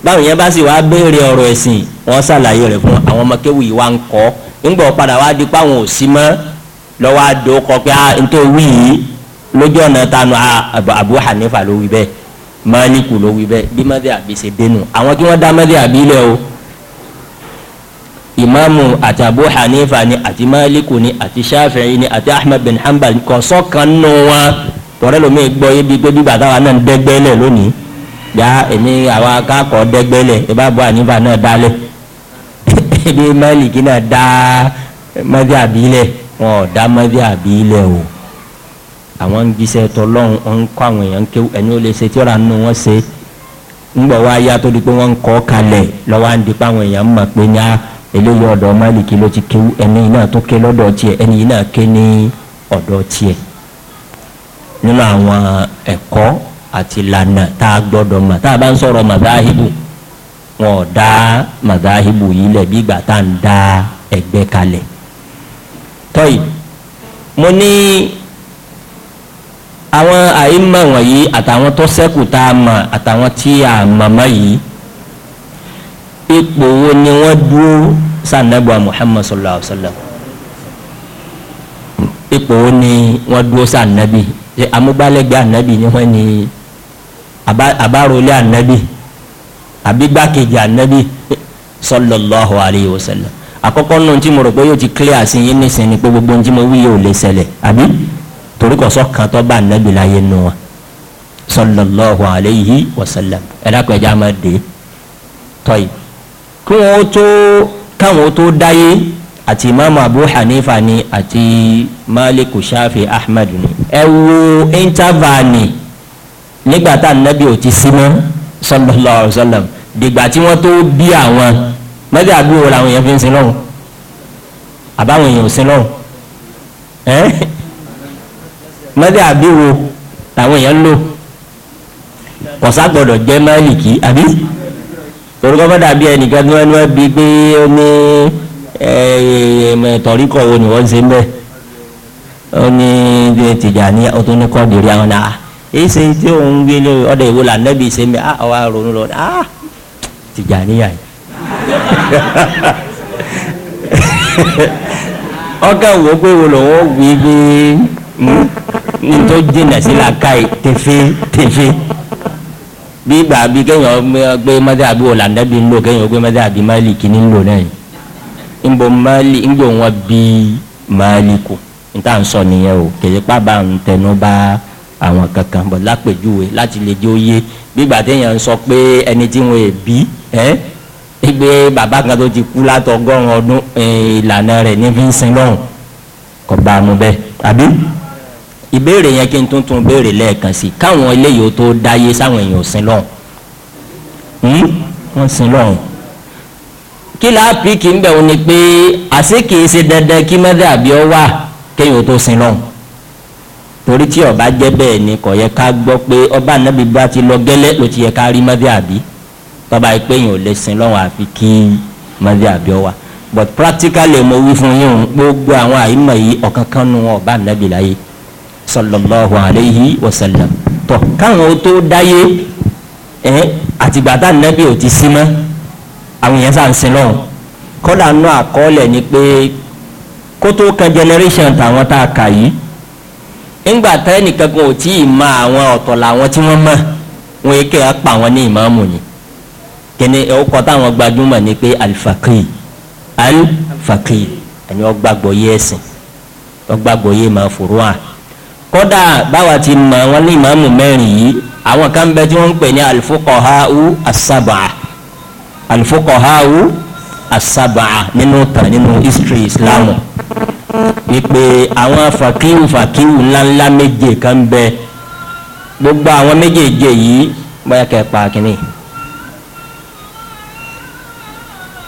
báwọn yẹn bá sì wá béèrè ọ̀rọ̀ ẹ̀sìn wọ́n ṣàlàyé rẹ̀ fún àwọn ọmọ kéwú yìí wá ń kọ́ ńgbọ̀ padà wá di páwọn ò sí mọ́ lọ́wọ́ àdó kọ pé ah nítorí wí yìí lójú ọ̀nà tanu ah, abu hanifa ló wí bẹ́ẹ̀ máàlíkù ló wí bẹ́ẹ̀ bí mọ́tàbí ṣe dénú àwọn kí wọ́n dá mọ́tàbí lẹ́ o. Imamu àti abu hanifa ni àti maliku ni àti shafi'i ni àti ahmed bin hanbal kò sọ́kan nù wọn tọ́rẹ́ lomi gbọ́ yé bi pé bí bàtà wa náà ń lónìí ya èmi àwa kakọ̀ dẹ́gbẹ́lẹ̀ ẹ bá bu hanifa náà dálẹ̀ ebi maliki náà dá mọ́tí àbílẹ̀ wọn ò dá mọ́tí àbílẹ̀ o àwọn ń gbisẹ́ tọ́lọ́hún ń kọ́ àwọn èèyàn kéwù ẹni ó lè ṣe tí ó ra nù wọ́n ṣe ńgbọ̀ wá yá tó di ń kọ́ kalẹ̀ lọ́wọ́ à ń di pé àwọn èèyàn mọ̀ pé ní a eléyìí ọ̀dọ̀ máàlìkì ló ti kéwú ẹni náà tó ké lọ́dọ̀ tiẹ̀ ẹni náà ké ní ọ̀dọ̀ tiẹ̀ nínú àwọn ẹ̀kọ́ àti ìlànà tá a gbọ́dọ̀ mọ̀ tá a bá ń sọ̀rọ̀ màdáhìbù wọn ò dá màdáhìbù yìí lẹ̀ bí ìgbà tá à ń dá ẹgbẹ́ kalẹ̀ tọ́yì mo ní àwọn àyímọ̀ wọ̀nyí àtàwọn tó sẹ́kù tá a mọ̀ àtàwọn tí a mọ̀ mọ́ yìí ipò wo ni wọ́n dúró sànàgbà muhammad sallallahu alaihi wa sallam ipò wo ni wọ́n dúró sànàbì ṣe amúgbálẹ́gbẹ̀ ànàbì ni wọ́n ní àbárólé ànàbì àbígbàkejì ànàbì sallallahu alaihi wa sallam àkọ́kọ́ nù tí mo rò pé yóò ti clear sí yín nísìnyí ni pé gbogbo ohun tí mo wí yóò lè ṣẹlẹ̀ àbí torí kò sọ́kàn tó bá ànàbì láyé nù wọn sallallahu alaihi wa sallam ẹ̀dá kan ẹja máa dé tọ́yìí kí wọ́n tó káwọn tó dáyé àti imaamu abu hanifa ni àti maliku shafi ahmed ni. ẹ wo intavani nígbà tá ànábì ò ti sí mọ́ sallallahu alaihi wasallam dìgbà tí wọ́n tó bí àwọn mẹ́bí àgbéwò làwọn èèyàn fi ń sin àbáwọn èèyàn ò sin lọ́hùn àgbéwò làwọn èèyàn lò kọ̀sá gbọ́dọ̀ jẹ́ máàlì àbí torí kọ́ bọ́dà ẹnìkan ní wọ́n ní pé ó ní tọ̀ríkọ̀ wo ni wọ́n ṣe ń bẹ̀ ó ní Tìjàní ó tún ní kọ́ọ̀dìrí àwọn náà èyí ṣe tí òun gbé lórí ọ̀dọ̀ ìwò làǹdẹ́bì ṣe ń bẹ̀ ah ọ̀wá ronú lọ ah Tìjàní yà yìí ọkà wo pé wo lòun ó wí bí hmm, ní jìnnà sí làákàyè tẹ̀fẹ́ tẹ̀fẹ́ bí gbàgbé kéèyàn gbé mọ́tàbí ọ̀làǹdẹ́bí ńlò kéèyàn gbé mọ́tàbí máàlìkì ńlò náà ńbọ máàlì ńjọ wọn bí máàlìkù níta ń sọ nìyẹn o kèyí pàbà ń tẹnu bá àwọn kankan bọ̀ lápèjúwe láti lè jẹ́ òye gbígbà téèyàn ń sọ pé ẹni tí wọn bí ẹ́ gbé bàbá kan tó ti kú látọgọ́rùn ọdún ìlànà rẹ̀ ní fi ń sin lọ́hùn kò bá a mú bẹ́ẹ̀ àbí. ìbéèrè yẹn kí n tún tún béèrè lẹ́ẹ̀kan sí káwọn eléyìí ó tó dáyé sáwọn èèyàn sin lọ́hùn hmm? wọ́n sin kí láàpì kì bẹ̀ ni pé àṣé kì í ṣe dandan kí mẹ́tẹ́ àbí ọ wà kéèyàn tó sin torí tí ọba jẹ́ bẹ́ẹ̀ ni kò yẹ ká ọba ti lọ gẹ́lẹ́ ló ti yẹ ká rí mẹ́tẹ́ àbí tọ́ba yìí pé èèyàn ò lè sin wà but practically mo wí fún yín gbogbo àwọn yìí ọba láyé sallallahu alayhi wa sallam tọ káwọn tó dáyé ẹ àtìgbà tá nàbí ò ti sí mọ àwọn yẹn sàn sin lọhùn kọ́dà nù àkọọ́lẹ̀ ni pé kótó kan generation tàwọn tá a kà yìí ńgbà tá ẹnìkan kan ò tí ì mọ àwọn ọ̀tọ̀ làwọn tí wọ́n mọ̀ wọn èké ẹ pa wọn ní ìmáàmù ni kíni ẹ kọ́ táwọn gbajúmọ̀ ni pé alifakiri alifakiri ẹni ọgbàgbọ́ yé ẹ̀sìn ọgbàgbọ́ yé máa fòrò hàn kódà báwa ti mọ̀ wọ́n ní ìmáàmù mẹ́rin yìí àwọn kan bẹ tí wọ́n ń pè ní alifokọ̀háwù asaba alifokọ̀háwù asaba nínú tàn nínú history islam wípé àwọn fàkíwù fàkíwù ńláńlá méje kan bẹ gbogbo àwọn méjèèje yìí bóyá kẹ́ pa kínní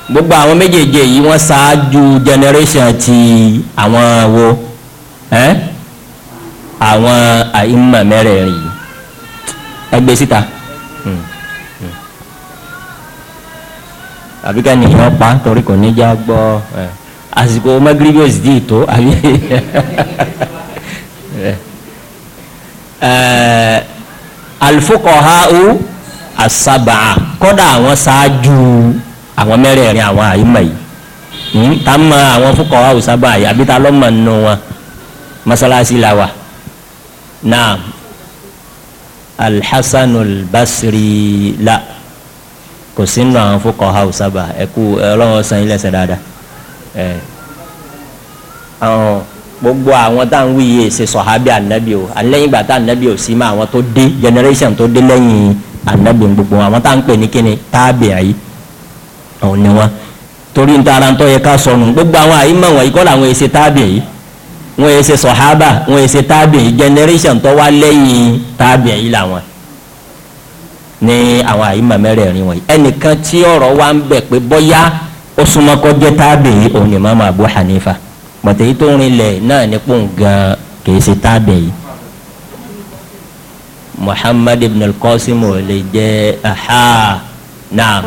gbogbo àwọn méjèèje yìí wọ́n ṣáájú generation ti àwọn wo. Eh? àwọn àìmọ̀ mẹ́rẹ̀ẹ̀rin yìí ẹgbẹ́ síta hmm. Hmm. àbí ká nìyẹn pa torí kò ní já gbọ́ eh, àsìkò magrebi ò sì tí ì tó àbí eh, eh, alfuqaha asaba kọ́dà àwọn ṣáájú àwọn mẹ́rẹ̀ẹ̀rin àwọn àìmọ̀ yìí hmm, tá a mọ àwọn fuqaha asaba yìí àbí ta lọ́mọ nù wọn masalasi la wa naam alhassanul basri la kò sí nínú àwọn fuqaha sábà ẹ kú ọlọ́run san ilé ẹsẹ̀ dáadáa ẹ àwọn gbogbo àwọn tá à ń wíyè ṣe sọ̀hábí ànábì o àlẹ́yìn ìgbà tá ànábì ò sí mọ́ àwọn tó dé generation tó dé lẹ́yìn ànábì gbogbo àwọn tá à ń pè ní kíni táàbì àyí òun ni wọn torí ń ta ara ń tọ́ yẹ ká sọnù gbogbo àwọn àyímọ̀ wọ̀nyí kọ́ làwọn èsì táàbì yìí wọn yẹ ṣe sọ̀hábà wọn yẹ ṣe tábìlì generation tó wá lẹ́yìn tábìlì yìí làwọn ní àwọn àyímọ̀ mẹ́rẹ̀ẹ̀rin wọ̀nyí ẹnìkan tí ọ̀rọ̀ wa ń bẹ̀ pé bọ́yá ó súnmọ́ kó jẹ́ tábìlì òun ni màmá Abu Hanifa pàtẹ́ yìí tó rinlẹ̀ náà ní pò gan kìí ṣe tábìlì Muhammad ibn al-Qasim ò lè jẹ́ aha naam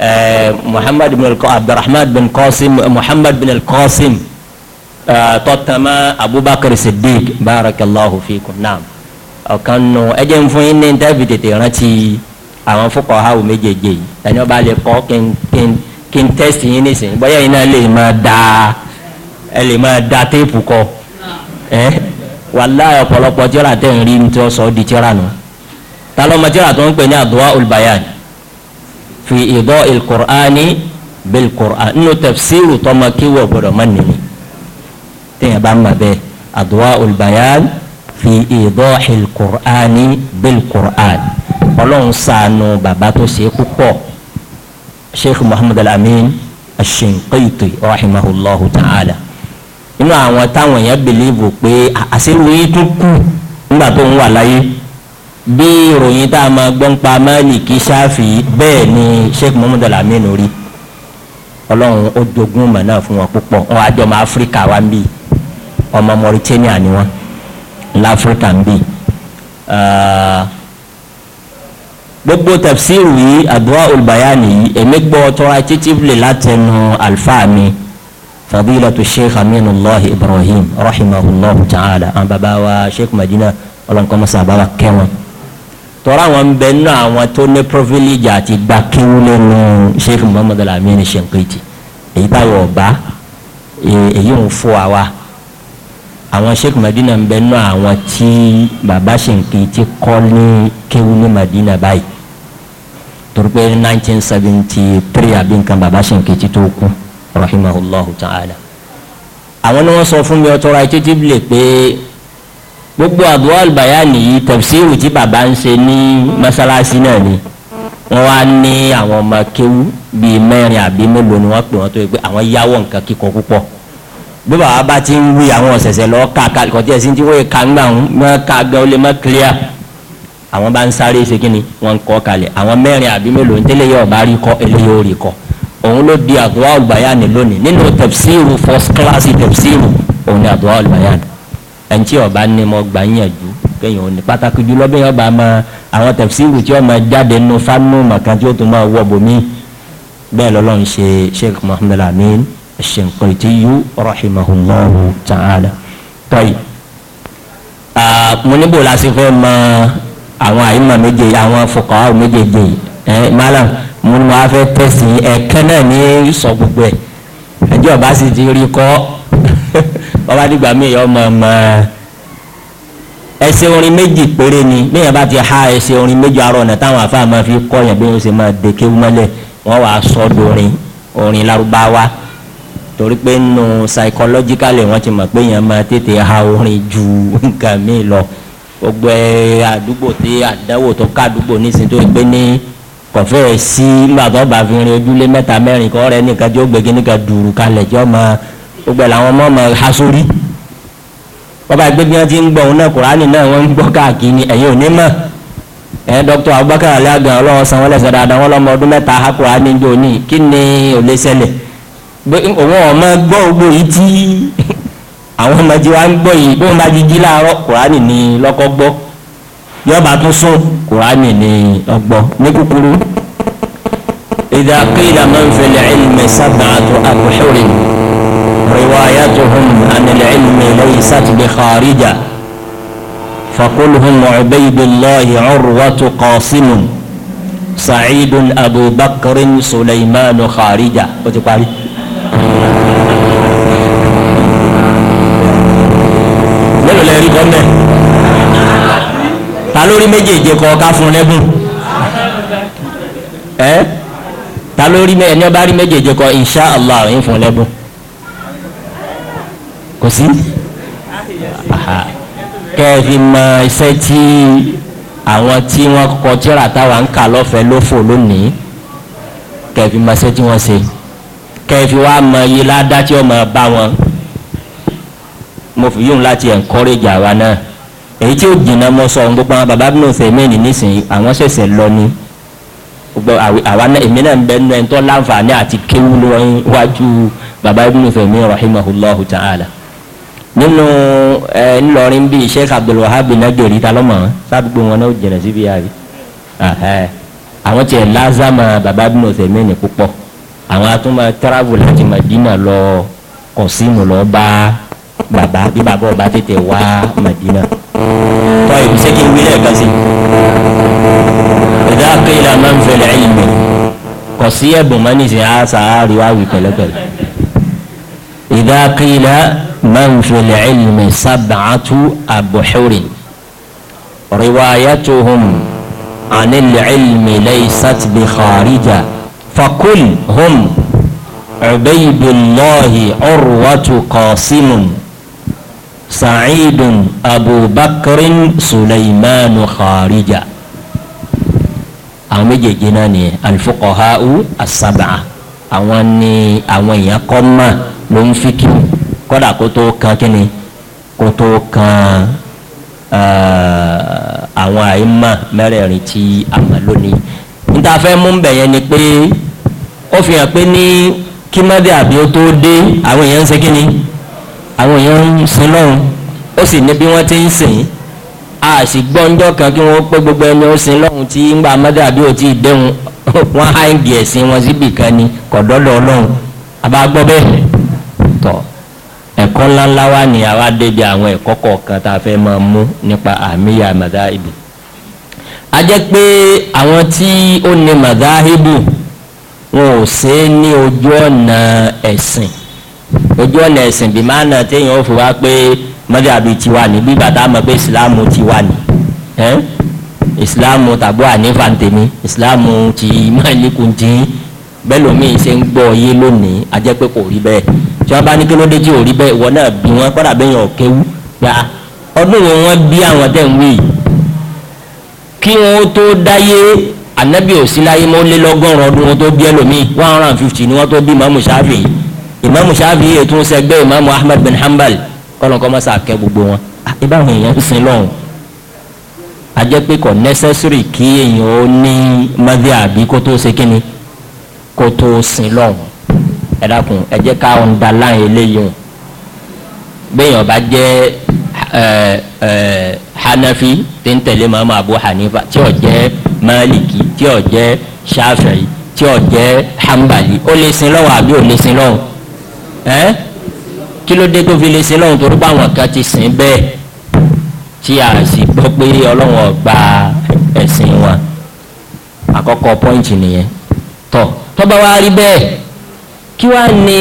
eh, Muhammad ibn al-Qasim Abdurrahman ibn al-Qasim Muhammad ibn al-Qasim. Ah, tọ́tàmá abubakar siddiq barakallahu fiikum naam ọ̀kan nù ẹjẹ̀ ń fún yín ní tẹ́bi tètè rántí àwọn fuqaha méjèèjì yìí ẹni ọba lè kọ́ kí n tẹ́sì yín nísìnyí bóyá yín náà lè máa da ẹ lè da téèpù kọ ẹ wàláhí ọ̀pọ̀lọpọ̀ tíra tẹ̀ ń tí wọ́n sọ di tíra nù talọ́mọ tíra tó ń pè ní adwa'ul bayan fi ida'il qur'ani bil qur'an nínú tafsiru tọmọ kíwọ̀ gbọdọ̀ má nìyí téèyàn bá mọ̀ bẹ́ẹ̀ àdúrà olùbáyán fi ìdọ́hìl kùránì bíl kùrán ọlọ́run sànù bàbá tó ṣe púpọ̀ sheikh muhammad al-amin ashinqaiti rahimahullahu ta'ala inú àwọn táwọn èèyàn bìlíìfù pé àṣìlóye tó kù nígbà tó ń wà láyé bí ìròyìn tá a máa gbọ́n pa Málíkì Ṣáfì bẹ́ẹ̀ ni sheikh muhammad al rí ọlọ́run ó jogún mọ̀ náà fún wọn púpọ̀ wọn àjọmọ̀ áfíríkà wa ń bíi ọmọ Mauritania ni wọ́n láfíríkà ń bì ah, gbogbo tafsiru yìí adua olùbáyánì yìí èmi gbọ́ tọ́ra títífìlì látẹnu àlùfáà mi fadilatu sheikh aminullahi ibrahim rahimahullahu ta'ala àwọn baba wa sheikh madina ọlọ́nkọ́mọ́sá baba kẹwọn tọ́ra àwọn ń bẹ nínú àwọn tó ní privilege àti gba kíwú lẹ́nu sheikh muhammadu alamin shinqiti èyí báyọ̀ ọ̀bá èyí ń fún wa àwọn sheikh madina ń bẹ náà àwọn tí baba ṣèǹkì ti kọ́ ní kéwú ní madina báyìí torí pé nineteen seventy three àbí nǹkan baba ṣèǹkì ti tó kú rahimahullahu ta'ala àwọn ni wọ́n sọ fún mi authoritative lè pé gbogbo àdúrà albayani yìí tafsiru tí baba ń ṣe ní masalasi náà ni wọ́n wá ní àwọn ọmọ kéwú bíi mẹ́rin àbí mélòó ni wọ́n pè wọ́n tó yẹ pé àwọn yáwọ̀ nǹkan kíkọ púpọ̀ bí bàbá bá ti ń wí àwọn ọ̀sẹ̀sẹ̀ lọ ká kọjá ẹ̀sìn tí wọ́n ká ń gbà ń mọ́ ká gan ó lè mọ́ clear àwọn bá ń sáré ṣe kí ni wọ́n ń kọ́ kalẹ̀ àwọn mẹ́rin àbí mélòó tẹ́lẹ̀ yóò bá rí kọ́ eléyìí ó rí kọ́ òun ló di àdúrà ọ̀gbàyàní lónìí nínú tẹ̀síìrù first class tẹ̀síìrù òun ni àdúrà ọ̀gbàyàní ẹni tí ọba ní mo gbà ń yànjú kéèyàn ò ní pàtàkì jùlọ bí ọba máa àwọn tẹ̀síìrù tí ọmọ jáde nínú fánú màkàn tí ó tún máa wọ bòmí bẹ́ẹ̀ Shinqitiyu rahimahullahu ta'ala. tọ́yì ah, mo níbo la ṣe fẹ́ mọ àwọn àyímọ̀ méje àwọn fuqaha méjèèjì ẹ malam mo ní mo á fẹ́ tẹ̀sí ẹ̀kẹ́ náà ní sọ gbogbo ẹ̀ ẹjọ́ ọba sì ti rí kọ́ ọba dìgbà mi yọ mọ̀ mọ́ ẹsẹ̀ orin méjì péré ni bẹ́ẹ̀ bá ti ha ẹsẹ̀ orin méjì arọ ọ̀nà táwọn afáàmọ́ fi kọ́ yẹn bí wọ́n ṣe máa dèké mọ́lẹ̀ wọ́n wàá sọ́dọ̀ orin orin lárúbáwá torí pé nù psychologically wọ́n ti mọ̀ pé yẹn máa tètè ha orin ju nǹkan mi lọ gbogbo ẹ àdúgbò tí àdáwò tó ká àdúgbò nísìnyí tó gbé ní kọfẹ sí gbàtọ bàfin ojúlé mẹ́ta mẹ́rin kọ rẹ nìkan tí ó gbẹgẹ nìkan dùrù kalẹ̀ jọ ma gbogbo làwọn ọmọ ma ha sórí bàbá gbé bí wọn ti ń gbọ́ òun náà kùránì náà wọn ń gbọ́ káàkiri ẹ̀yin ò ní mọ̀ ẹ dókítà Abubakar Aliaga ọlọ́wọ́ sanwó-ẹlẹ́sẹ̀ dáadáa wọn lọ́mọ ọdún mẹ́ta ha kùránì jọ ní kí ni ò lè ṣẹlẹ̀ òun ọmọ gbọ́ gbogbo yìí tí àwọn ọmọdé wa ń gbọ́ yìí bó ń bá ti jí láàárọ̀ kùránì ní lọ́kọ́ gbọ́ yọba tún sùn kùránì ní ọgbọ́ ní kúkúrú. إذا قيل من في العلم سبعة أبحر روايتهم عن العلم ليست بخارجة فقل هم عبيد الله عروة قاسم سعيد أبو بكر سليمان خارجة وتقال mélòó lẹ rí kọ́mẹ́ ta lórí méjèèjì kọ́ ká fún lẹ́bùn ẹ ta lórí ẹni ọba rí méjèèjì kọ́ insha allah ń fún lẹ́bùn kò sí kẹ́ẹ̀fì mọ iṣẹ́ tí àwọn tí wọ́n kọ tíra táwa ń kà lọ́fẹ̀ẹ́ lófò lónìí kẹ́ẹ̀fì mọ iṣẹ́ tí wọ́n ṣe kẹ́ẹ̀fì wa mọ iye ládá tí wọ́n mọ bá wọn mo fi yóò láti encourage àwa náà èyí tí ó jìnnà mo sọ gbogbo àwọn baba bí mo fẹ́ mẹ́rin nísìnyí àwọn ṣẹ̀ṣẹ̀ lọ ni gbogbo àwa náà èmi náà ń bẹ nínú ẹni tó láǹfààní àti kéwú lọ́yìn wájú baba bí mo fẹ́ mi rahimahullahu ta'ala nínú ẹ ńlọrin bíi sheikh abdulwahab nàgẹ̀rì ta lọ́mọ sábìgbò wọn náà jìnnà síbi yàrá àwọn tiẹ̀ lázàmà baba bí mo fẹ́ mẹ́rin púpọ̀ àwọn atúmọ̀ travel láti Madina lọ kọ̀sínù lọ bá bàbá bí bàbá ọba tètè wá Madina tọ́ ìlú ṣé kí n wílẹ̀ kan sí. ìdá akéèlà máa ń fẹlẹ̀ ẹ̀yìn mi kò sí ẹ̀bùn máa ń nìsín àṣà àríwá wí pẹ̀lẹ́pẹ̀lẹ́. ìdá akéèlà máa ń fẹlẹ̀ ẹ̀yìn mi sábàátú àbùhúrin riwaayatuhum anil ilmi laysat bi fakul hum. عبيد الله عروة قاسم sa'idun abubakarin suleimanu kharija àwọn méjèèjì náà ni alifokọhau asaba àwọn ni àwọn èèyàn kọ́mà ló ń fi kí kọ́dà kó tó kan kíni kó tó kan àwọn àìmọ̀ mẹ́rẹ̀ẹ̀rin tí a mọ̀ lónìí níta fẹ́ mú bẹ̀yẹn ni pé ó fi hàn pé ní kí àwọn èèyàn ń sin lọ́run ó sì ní bí ti ń sìn á sì gbọ́ kan kí wọ́n pé gbogbo ẹni ó sin lọ́run tí ń gba amádàbí ò tí ì dẹ́hùn wọ́n á ń di ẹ̀sìn wọn síbì kan ni kọ̀dọ́dọ̀ ọlọ́hùn àbá gbọ́ bẹ́ẹ̀ tọ̀ ẹ̀kọ́ ńláńlá ní àwa débi àwọn ẹ̀kọ́ kọ̀ọ̀kan tá a fẹ́ a jẹ́ pé àwọn tí ó ní wọn ò ojú ọ̀nà ẹ̀sìn bí máa nà téèyàn ó fi wá pé mọ́tò àbí tiwa ní bí bàtà mọ̀ pé ìsìláàmù tiwa ní ìsìláàmù tàbí ànífà tèmi ìsìláàmù ti máìlíkù ti bẹ́ẹ̀ lómi ṣe ń gbọ́ yé lónìí a jẹ́ pé kò rí bẹ́ẹ̀ tí wọ́n bá ní kílódé tí ò rí bẹ́ẹ̀ ìwọ náà bí wọ́n kọ́dà bẹ́ẹ̀ yàn ọ́ kéwú gba ọdún wo wọ́n bí àwọn tẹ̀ ń wí yìí kí wọn tó dáyé anabi òsínláyé mọ́ lé lọ́gọ́rùn ọdún wọn tó bí ẹlòmíì one hundred and fifty ni wọ́n tó bí mọ́mú yìí ìmáàmù Ṣáfi'í ètò sẹgbẹ́ ìmáàmù Ahmad bin Hanbal kọ́lọ́kọ́ mọ́sá akẹ́ gbogbo wọn ìbáwọn ah, èèyàn ń sin lọ́hùn ajẹ́ pé kò necessary kí èèyàn ó ní mọ́dé àbí kó tó ṣe kíni kó tó sin lọ́hùn ẹ dákun ẹ jẹ́ ká ọ̀n da Hanafi tí ń Abu Hanifa tí ò jẹ́ Maliki tí ò jẹ́ Ṣáfi'í tí ò jẹ́ Hanbali ó lè sin lọ́hùn àbí ò lè ẹ́ kí ló dé tó fi lè ṣe lọ́hùn torí báwọn kan ti sìn bẹ́ẹ̀ tí a sì gbọ́ pé ọlọ́run ọgbà ẹ̀sìn wọn àkọ́kọ́ pọ́ǹtì nìyẹn tọ́ tọ́ba wa rí bẹ́ẹ̀ kí wàá ní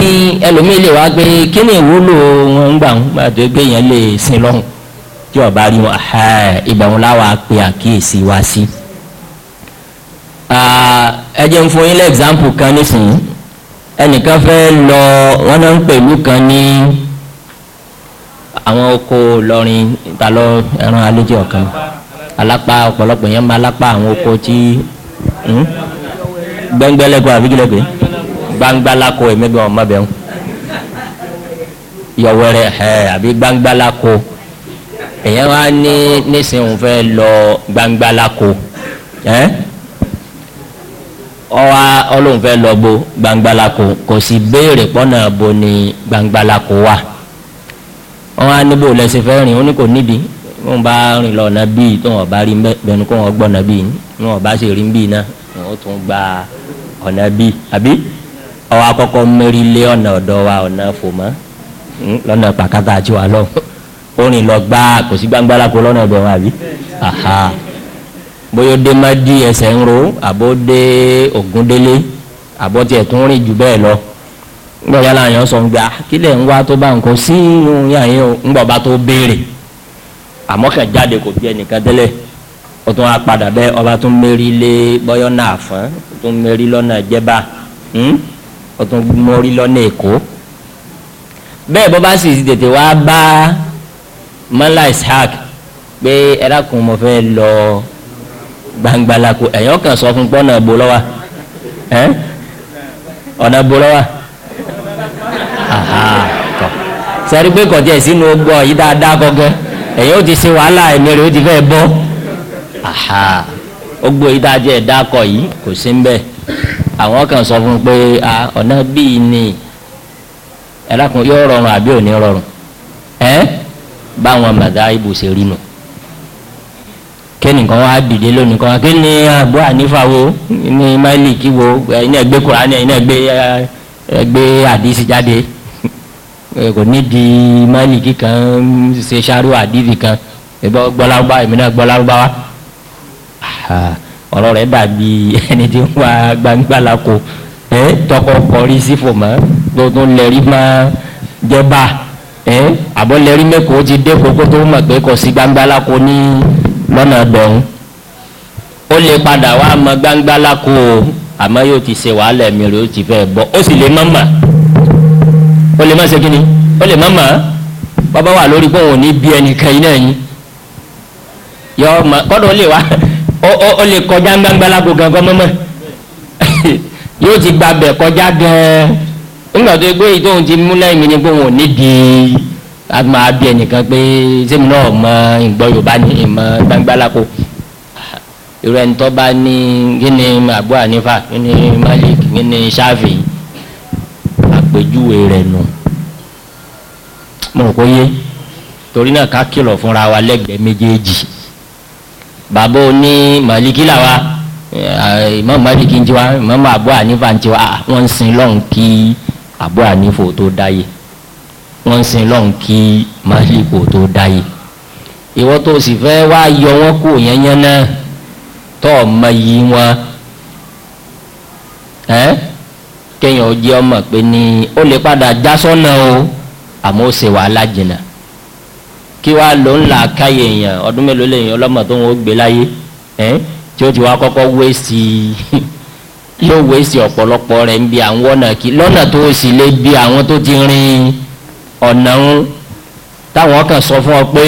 ẹlòmíì lè wá gbé kí ni ìwúlò wọn gbà ń gbà tó gbé yẹn lè sin lọ́hùn tí ọba rí wọn ìgbà wọn láwa pe àkíyèsí wa sí. ẹ jẹ́ ń fún yín lẹ́ example kan nísìnyí ẹnìkan fẹ́ lọ wọn náà ń pèlú kan ní àwọn oko lọrin ìtàlọ ẹran alójú ọ̀kan alápá ọ̀pọ̀lọpọ̀ yẹn máa lápá àwọn oko tí hmm? gbẹ́ngbẹ́lẹ́kọ àbíkílẹ́kọ gbangbalako ẹ̀mẹ́gbẹ́ ọmọ bẹ́ẹ̀ yọwẹrẹ ẹ àbí gbangbalako èyàn wá ní nísìnyí fẹ́ lọ gbangbalako ẹ ọwọ́ ọlọ́run fẹ́ lọ bo gbangbalako kò sì béèrè pọ́nà bo ni gbangbalako wà wọn á níbo lẹsẹ fẹ́ rìn wọn ní kò níbi wọn bá rìn lọ nàbí tó wọn bá rí bẹnu kó wọn gbọ́ nàbí ni wọn bá sì rí bí náà wọn tún gba ọ̀nà bí àbí ọwọ́ akọ́kọ́ mẹ́rí lé ọ̀nà ọ̀dọ́ wa ọ̀nà fòmọ́ hmm, lọ́nà pàkátà àti wàhálà ó rìn lọ gbá kò sí gbangbalako lọ́nà ọ̀dọ́ wa àbí aha bóyá dé má di ẹsẹ̀ ń ro àbó dé ògúndélé àbó tiẹ̀ tún rìn jù bẹ́ẹ̀ lọ gbọ́dọ̀ yàrá yẹn sọ gbà ah, kílẹ̀ ń wá tó bá nǹkan sí ìhun yà yẹn o ń bọ̀ bá tó béèrè àmọ́ kàn jáde kò bí ẹnìkan tẹ́lẹ̀ o tún wá padà bẹ́ẹ̀ ọba tún mérí lé bọ́yọ́ náà fún o tún mérí lọ́nà jẹba o hmm? tún mórí lọ́nà èkó bẹ́ẹ̀ bọ́ bá sì tètè wá bá mọ́lá ishaq pé ẹ̀rákùn mo fẹ́ lọ. gbangba la ko ẹ̀yọ́ kan sọ fún gbọ́nà bo wa ẹ́ ọ̀nà bo lọ́wọ́ tọ́ sẹ́rí pé kọjá sínú yìí dáadáa ẹ̀yọ́ ti ṣe wàhálà ẹ̀mí rẹ̀ ó ti fẹ́ bọ́ ogbó yìí dájẹ́ ẹ̀ dákọ̀ yìí kò sí ń bẹ́ẹ̀ àwọn kan sọ fún pé ọ̀nà bíi ni ẹ̀rákùn yóò rọrùn àbí ò ní rọrùn ẹ́ báwọn kẹ́nìkan wá dìde lónìí kan kí ni Abu Hanifa wo ní Málíkì wo ẹ̀yin ẹ̀gbẹ́ Kùránì ẹ̀yin ẹ̀gbẹ́ ẹ̀gbẹ́ àdìsí jáde kò ní di Málíkì kan ṣe ṣáàrú àdìsí kan ìbọn gbọ́láwùbá èmi náà gbọ́láwùbá wa ọ̀rọ̀ rẹ̀ dàbí ẹni tí ń wá gbangba la ko ẹ tọkọ kọrí sí fòmọ́ tó tún lẹ́rí máa jẹ́ bá ẹ àbọ̀ lẹ́rí mẹ́kọ̀ọ́ ti dé kókó tó mọ̀ pé kò sí gbangba ko ní lọ́nà bẹ̀rù ó lè padà wá mọ gbangba lákò o àmọ́ yóò ti ṣe wàhálà ẹ̀mí rẹ̀ ó ti fẹ́ bọ́ ó sì lè má mà ó lè má ṣe kí ni ó lè má mà bàbá wà lórí pé òun ò ní bí ẹnìkan iná yín yọ ọmọ kọ́dọ̀ ó lè wá ó lè kọjá gbangba lákò gangan mọ́mọ́ yóò ti gbàgbẹ́ kọjá gan-an nígbà tó gbé ìtòhùn ti mú mi ni pé òun ò ní di agbọn abẹ nìkan pé sẹmi náà mọ ìgbọ yorùbá ní ìmọ̀ gbangbalako irú ẹni tó bá ní gíní abu hanifa gíní malik gíní shafi àpèjúwe rẹ̀ nù mo rò kó yé torí náà ká kìlọ̀ fúnra wa lẹ́gbẹ̀ẹ́ méjèèjì bàbá oní maliki làwa ìmọ̀ maliki ń tiwa ìmọ̀ abu hanifa ń tiwa wọ́n ń sin lọ́hùn kí abu hanifa tó dáyé wọ́n ń sin lọ́hùn kí máàlìkò tó dáyé ìwọ́n tó sì fẹ́ wá yọ wọ́n kú yẹnyẹn náà tọ́ ọmọ yìí wọn ẹ́ kéèyàn jẹ́ ọmọ pé ní ó lè padà já sọ́nà o àmọ́ ó ṣe wàhálà jìnnà kí wàá ló ń là káyè èèyàn ọdún mélòó lè yàn ọlọ́mọ tó ń gbé láyé ẹ́ tí ó ti wá kọ́kọ́ wé yóò wé ọ̀pọ̀lọpọ̀ rẹ̀ ń bi àwọn ọ̀nà kí lọ́nà tó sì lè bi àwọn tó ti rìn ọ̀nà ń táwọn kan sọ fún ọ pé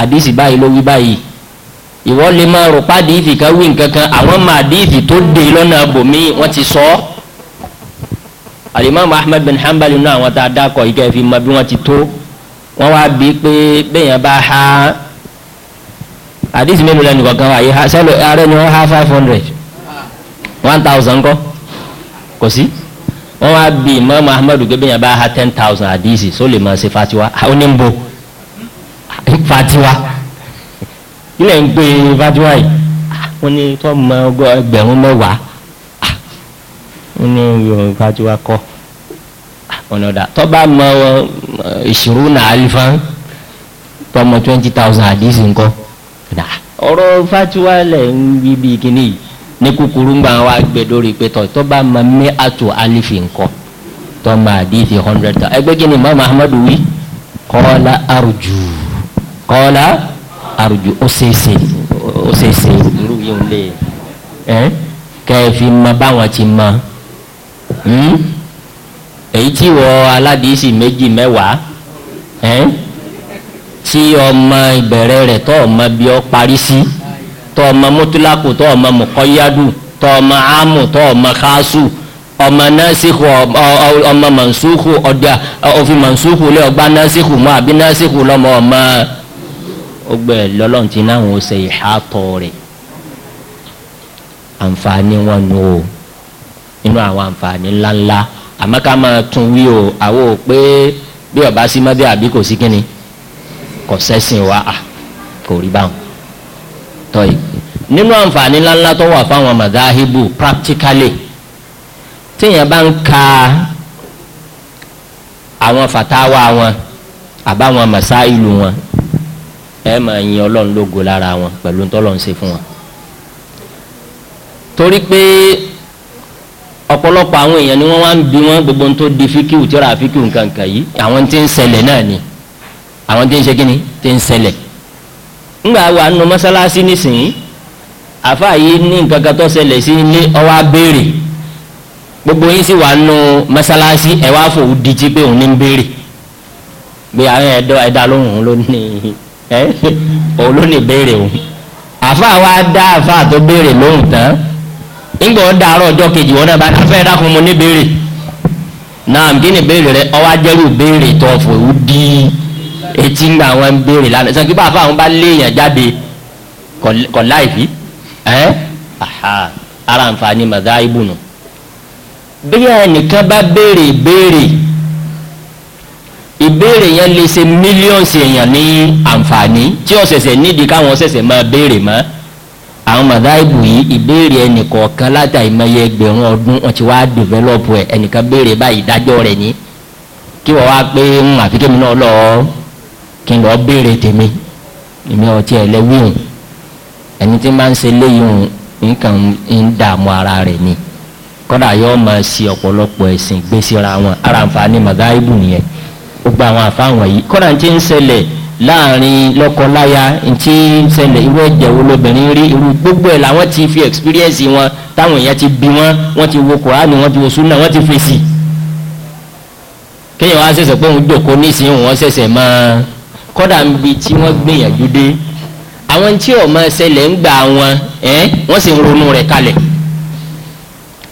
àdìsí báyìí ló wí báyìí ìwọ lè máa rò pa àdìsí kan wí nǹkan kan àwọn máa àdìsí tó dé lọ́nà bòmí wọ́n ti sọ ọ́ alimami ahmed bin hanbal inú àwọn tá a dákọ̀ yìí kẹ́ fi mọ bí wọ́n ti tó wọ́n wá bíi pé bẹ́ẹ̀yàn bá ha àdìsí mélòó lẹ́nu kankan wáyé ha sẹ́lẹ̀ ààrẹ ni wọ́n ha five hundred one thousand kọ́ kò sí wọ́n wá bí imaamu ahmadu gbẹ́bẹ́ yẹn bá ha ten thousand àdìsí só lè máa ṣe fatiwa onímbo fatiwa ilẹ̀ ń gbé fatiwa yìí wọ́n ní tó mọ ẹgbẹ̀rún mẹ́wàá wọ́n ní fatiwa kọ́ ọ̀nà ọ̀dà tó ìṣirò náà alifan tó mọ twenty thousand àdìsí ńkọ́ ọ̀rọ̀ fatiwa lẹ̀ ń bí bí kíní yìí ní kúkúrú ń bá wa gbé lórí pé tọ́ tó bá ma mí àtò alifi nkọ́ tó ma àdìsí hundred thousand ẹgbẹ́ gíní mọ́ muhammadu wí kọ́lá arjù kọ́lá arjù ó ṣeéṣe ó ṣeéṣe irú yìí ń lé ẹ́ kẹ́ẹ̀fì ma báwọn ti ma hmm? èyí tí wọ aládìísì méjì mẹ́wàá tí ọmọ ìbẹ̀rẹ̀ rẹ̀ tọ́ ọmọ bí ọ parí sí. Si tọ́ ọmọ mọ́tòlákù tọ́ ọmọ mọ̀kọ́yádù tọ́ ọmọ ámù tọ́ ọmọ káásù ọmọ násìkù ọmọ mọ̀nsúkù ọ̀dà òfin mọ̀nsúkù lé ọgbà násìkù mọ́ àbí násìkù lọ́mọ ọmọ ọgbẹ́ lọ́lọ́run ti náà wọ́n ṣe ìhàtọ̀ rẹ̀ àǹfààní wọn nù o nínú àwọn àǹfààní ńláńlá àmọ́ ká máa tún wí o àwọn pé bí ọba sí mọ́bí àbí kò sí kínni kò sẹ́sìn wa kò rí báwọn tọ́yìí nínú àǹfààní ńláńlá tó wà fáwọn mazahibu practically téèyàn bá ń ka àwọn fatawa wọn àbáwọn masailu wọn ẹ máa yin ọlọ́run lógo lára wọn pẹ̀lú ntọ́lọ́run ṣe fún wọn. torí pé ọ̀pọ̀lọpọ̀ àwọn èèyàn ni wọ́n wá ń bi wọ́n gbogbo tó di fíkìwù tíra fíkìwù nǹkankan yìí àwọn tí ń ṣẹlẹ̀ náà ni àwọn tí ń ṣe kí ni tí ń ṣẹlẹ̀ ńgbà wà nù mọ́sálásí nísìnyí àfa yìí ní nǹkan kan tó ṣẹlẹ̀ sí ilé ọwọ́ abéèrè gbogbo yín sì wà nù mọ́sálásí ẹ̀ wá fò díjí pé òun ní ń béèrè gbé àwọn ẹ̀dọ́ ẹ̀dá lóhùn òun ló ní ẹ̀ òun ló ní béèrè òun àfa wa dá àfa tó béèrè lóhùn tán nígbà wọn dàárọ̀ ọjọ́ kejì wọn náà bá fẹ́ dákun mu ní béèrè náà kí ni béèrè rẹ ọwọ́ ajẹ́rù béèrè tó fò ó di etí ń gbà wọn béèrè lánàá sọ kí bá àfa àwọn bá léèyàn jáde kọ̀ láì fi ẹ́ aha ara àǹfààní madhaibu nù bí ẹnìkan bá béèrè ìbéèrè ìbéèrè yẹn lè ṣe mílíọ̀nsì èèyàn ní àǹfààní tí ó ṣẹ̀ṣẹ̀ nídìí káwọn ṣẹ̀ṣẹ̀ máa béèrè mọ́ àwọn madhaibu yìí ìbéèrè ẹnìkọ̀ọ̀kan látàrí mẹ́yẹ ẹgbẹ̀rún ọdún wọn ti wá dìvẹ́lọ́pù ẹ̀ ẹnìkan béèrè báyìí dájọ́ rẹ̀ ní kí wọ́n wá pé àfikẹ́mi náà lọ kí n lọ béèrè tèmi èmi ọtí ẹ̀ lẹ́wìn ẹni tí máa ń ṣe léyìn nǹkan ń dààmú ara rẹ̀ ni kọ́dà yóò máa ṣe ọ̀pọ̀lọpọ̀ ẹ̀sìn gbé síra wọn ara àǹfààní màdáìbù nìyẹn gbogbo àwọn àfáwọn yìí kọ́dà ti ń ṣẹlẹ̀ láàrin lọ́kọ-láya ti ń ṣẹlẹ̀ irú ẹ̀jẹ̀ wo lobìnrin rí irú gbogbo ẹ̀ làwọn ti fi experience wọn táwọn èèyàn ti bí wọn wọ́n ti wo kùránì wọ́n ti wo súnà wọ́n ti fèsì kéèyàn wá ṣẹ̀ṣẹ̀ pé òun jòkó nísìnyí wọ́n ṣẹ̀ṣẹ̀ máa kọ́dà ń bi tí wọ́n gbìyànjú dé àwọn tí ọmọ ṣẹlẹ̀ ń gbà wọn ẹ́ wọ́n sì ń ronú rẹ̀ kalẹ̀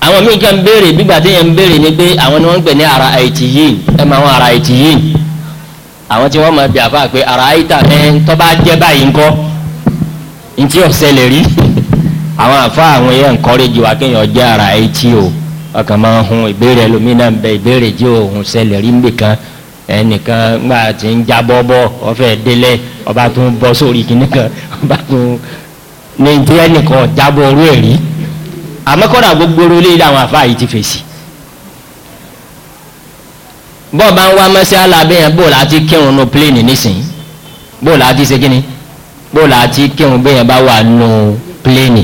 àwọn míì kan béèrè gbígbà tí yẹn ń béèrè ni pé àwọn ni wọ́n ń pè ní ara àìtì yìí ẹ máa wọn ara àìtì yìí àwọn tí wọ́n máa bí àfa pé ara àìtà ẹ tó bá jẹ́ báyìí ńkọ́ ntí ọ̀sẹ̀lẹ̀ rí àwọn àfa àwọn yẹn ń kọ́rẹ́jì wa kéèyàn jẹ́ ara àìtì o ọkàn máa hun ìbéèrè ẹlòmínà ń bẹ ìbéèrè jẹ́ òun ṣẹlẹ̀ rí nbìkan ẹnìkan gbà tí ń jábọ́ bọ́ ọ ọba tó ń bọ́ sórí kìnnì kan ọba tó ní ti ẹnìkan jábọ̀ orú ẹ̀ rí àmọ́ kọ́dà gbogbo orú léyìí làwọn afáà yìí ti fèsì bọ́ọ̀ bá ń wá mọ́sí alábẹ́ yẹn bóòlù àti kírun nu pléènì nísìnyí bóòlù àti ṣe kínní bóòlù àti kírun bẹ́ẹ̀ yẹn bá wà nù pléènì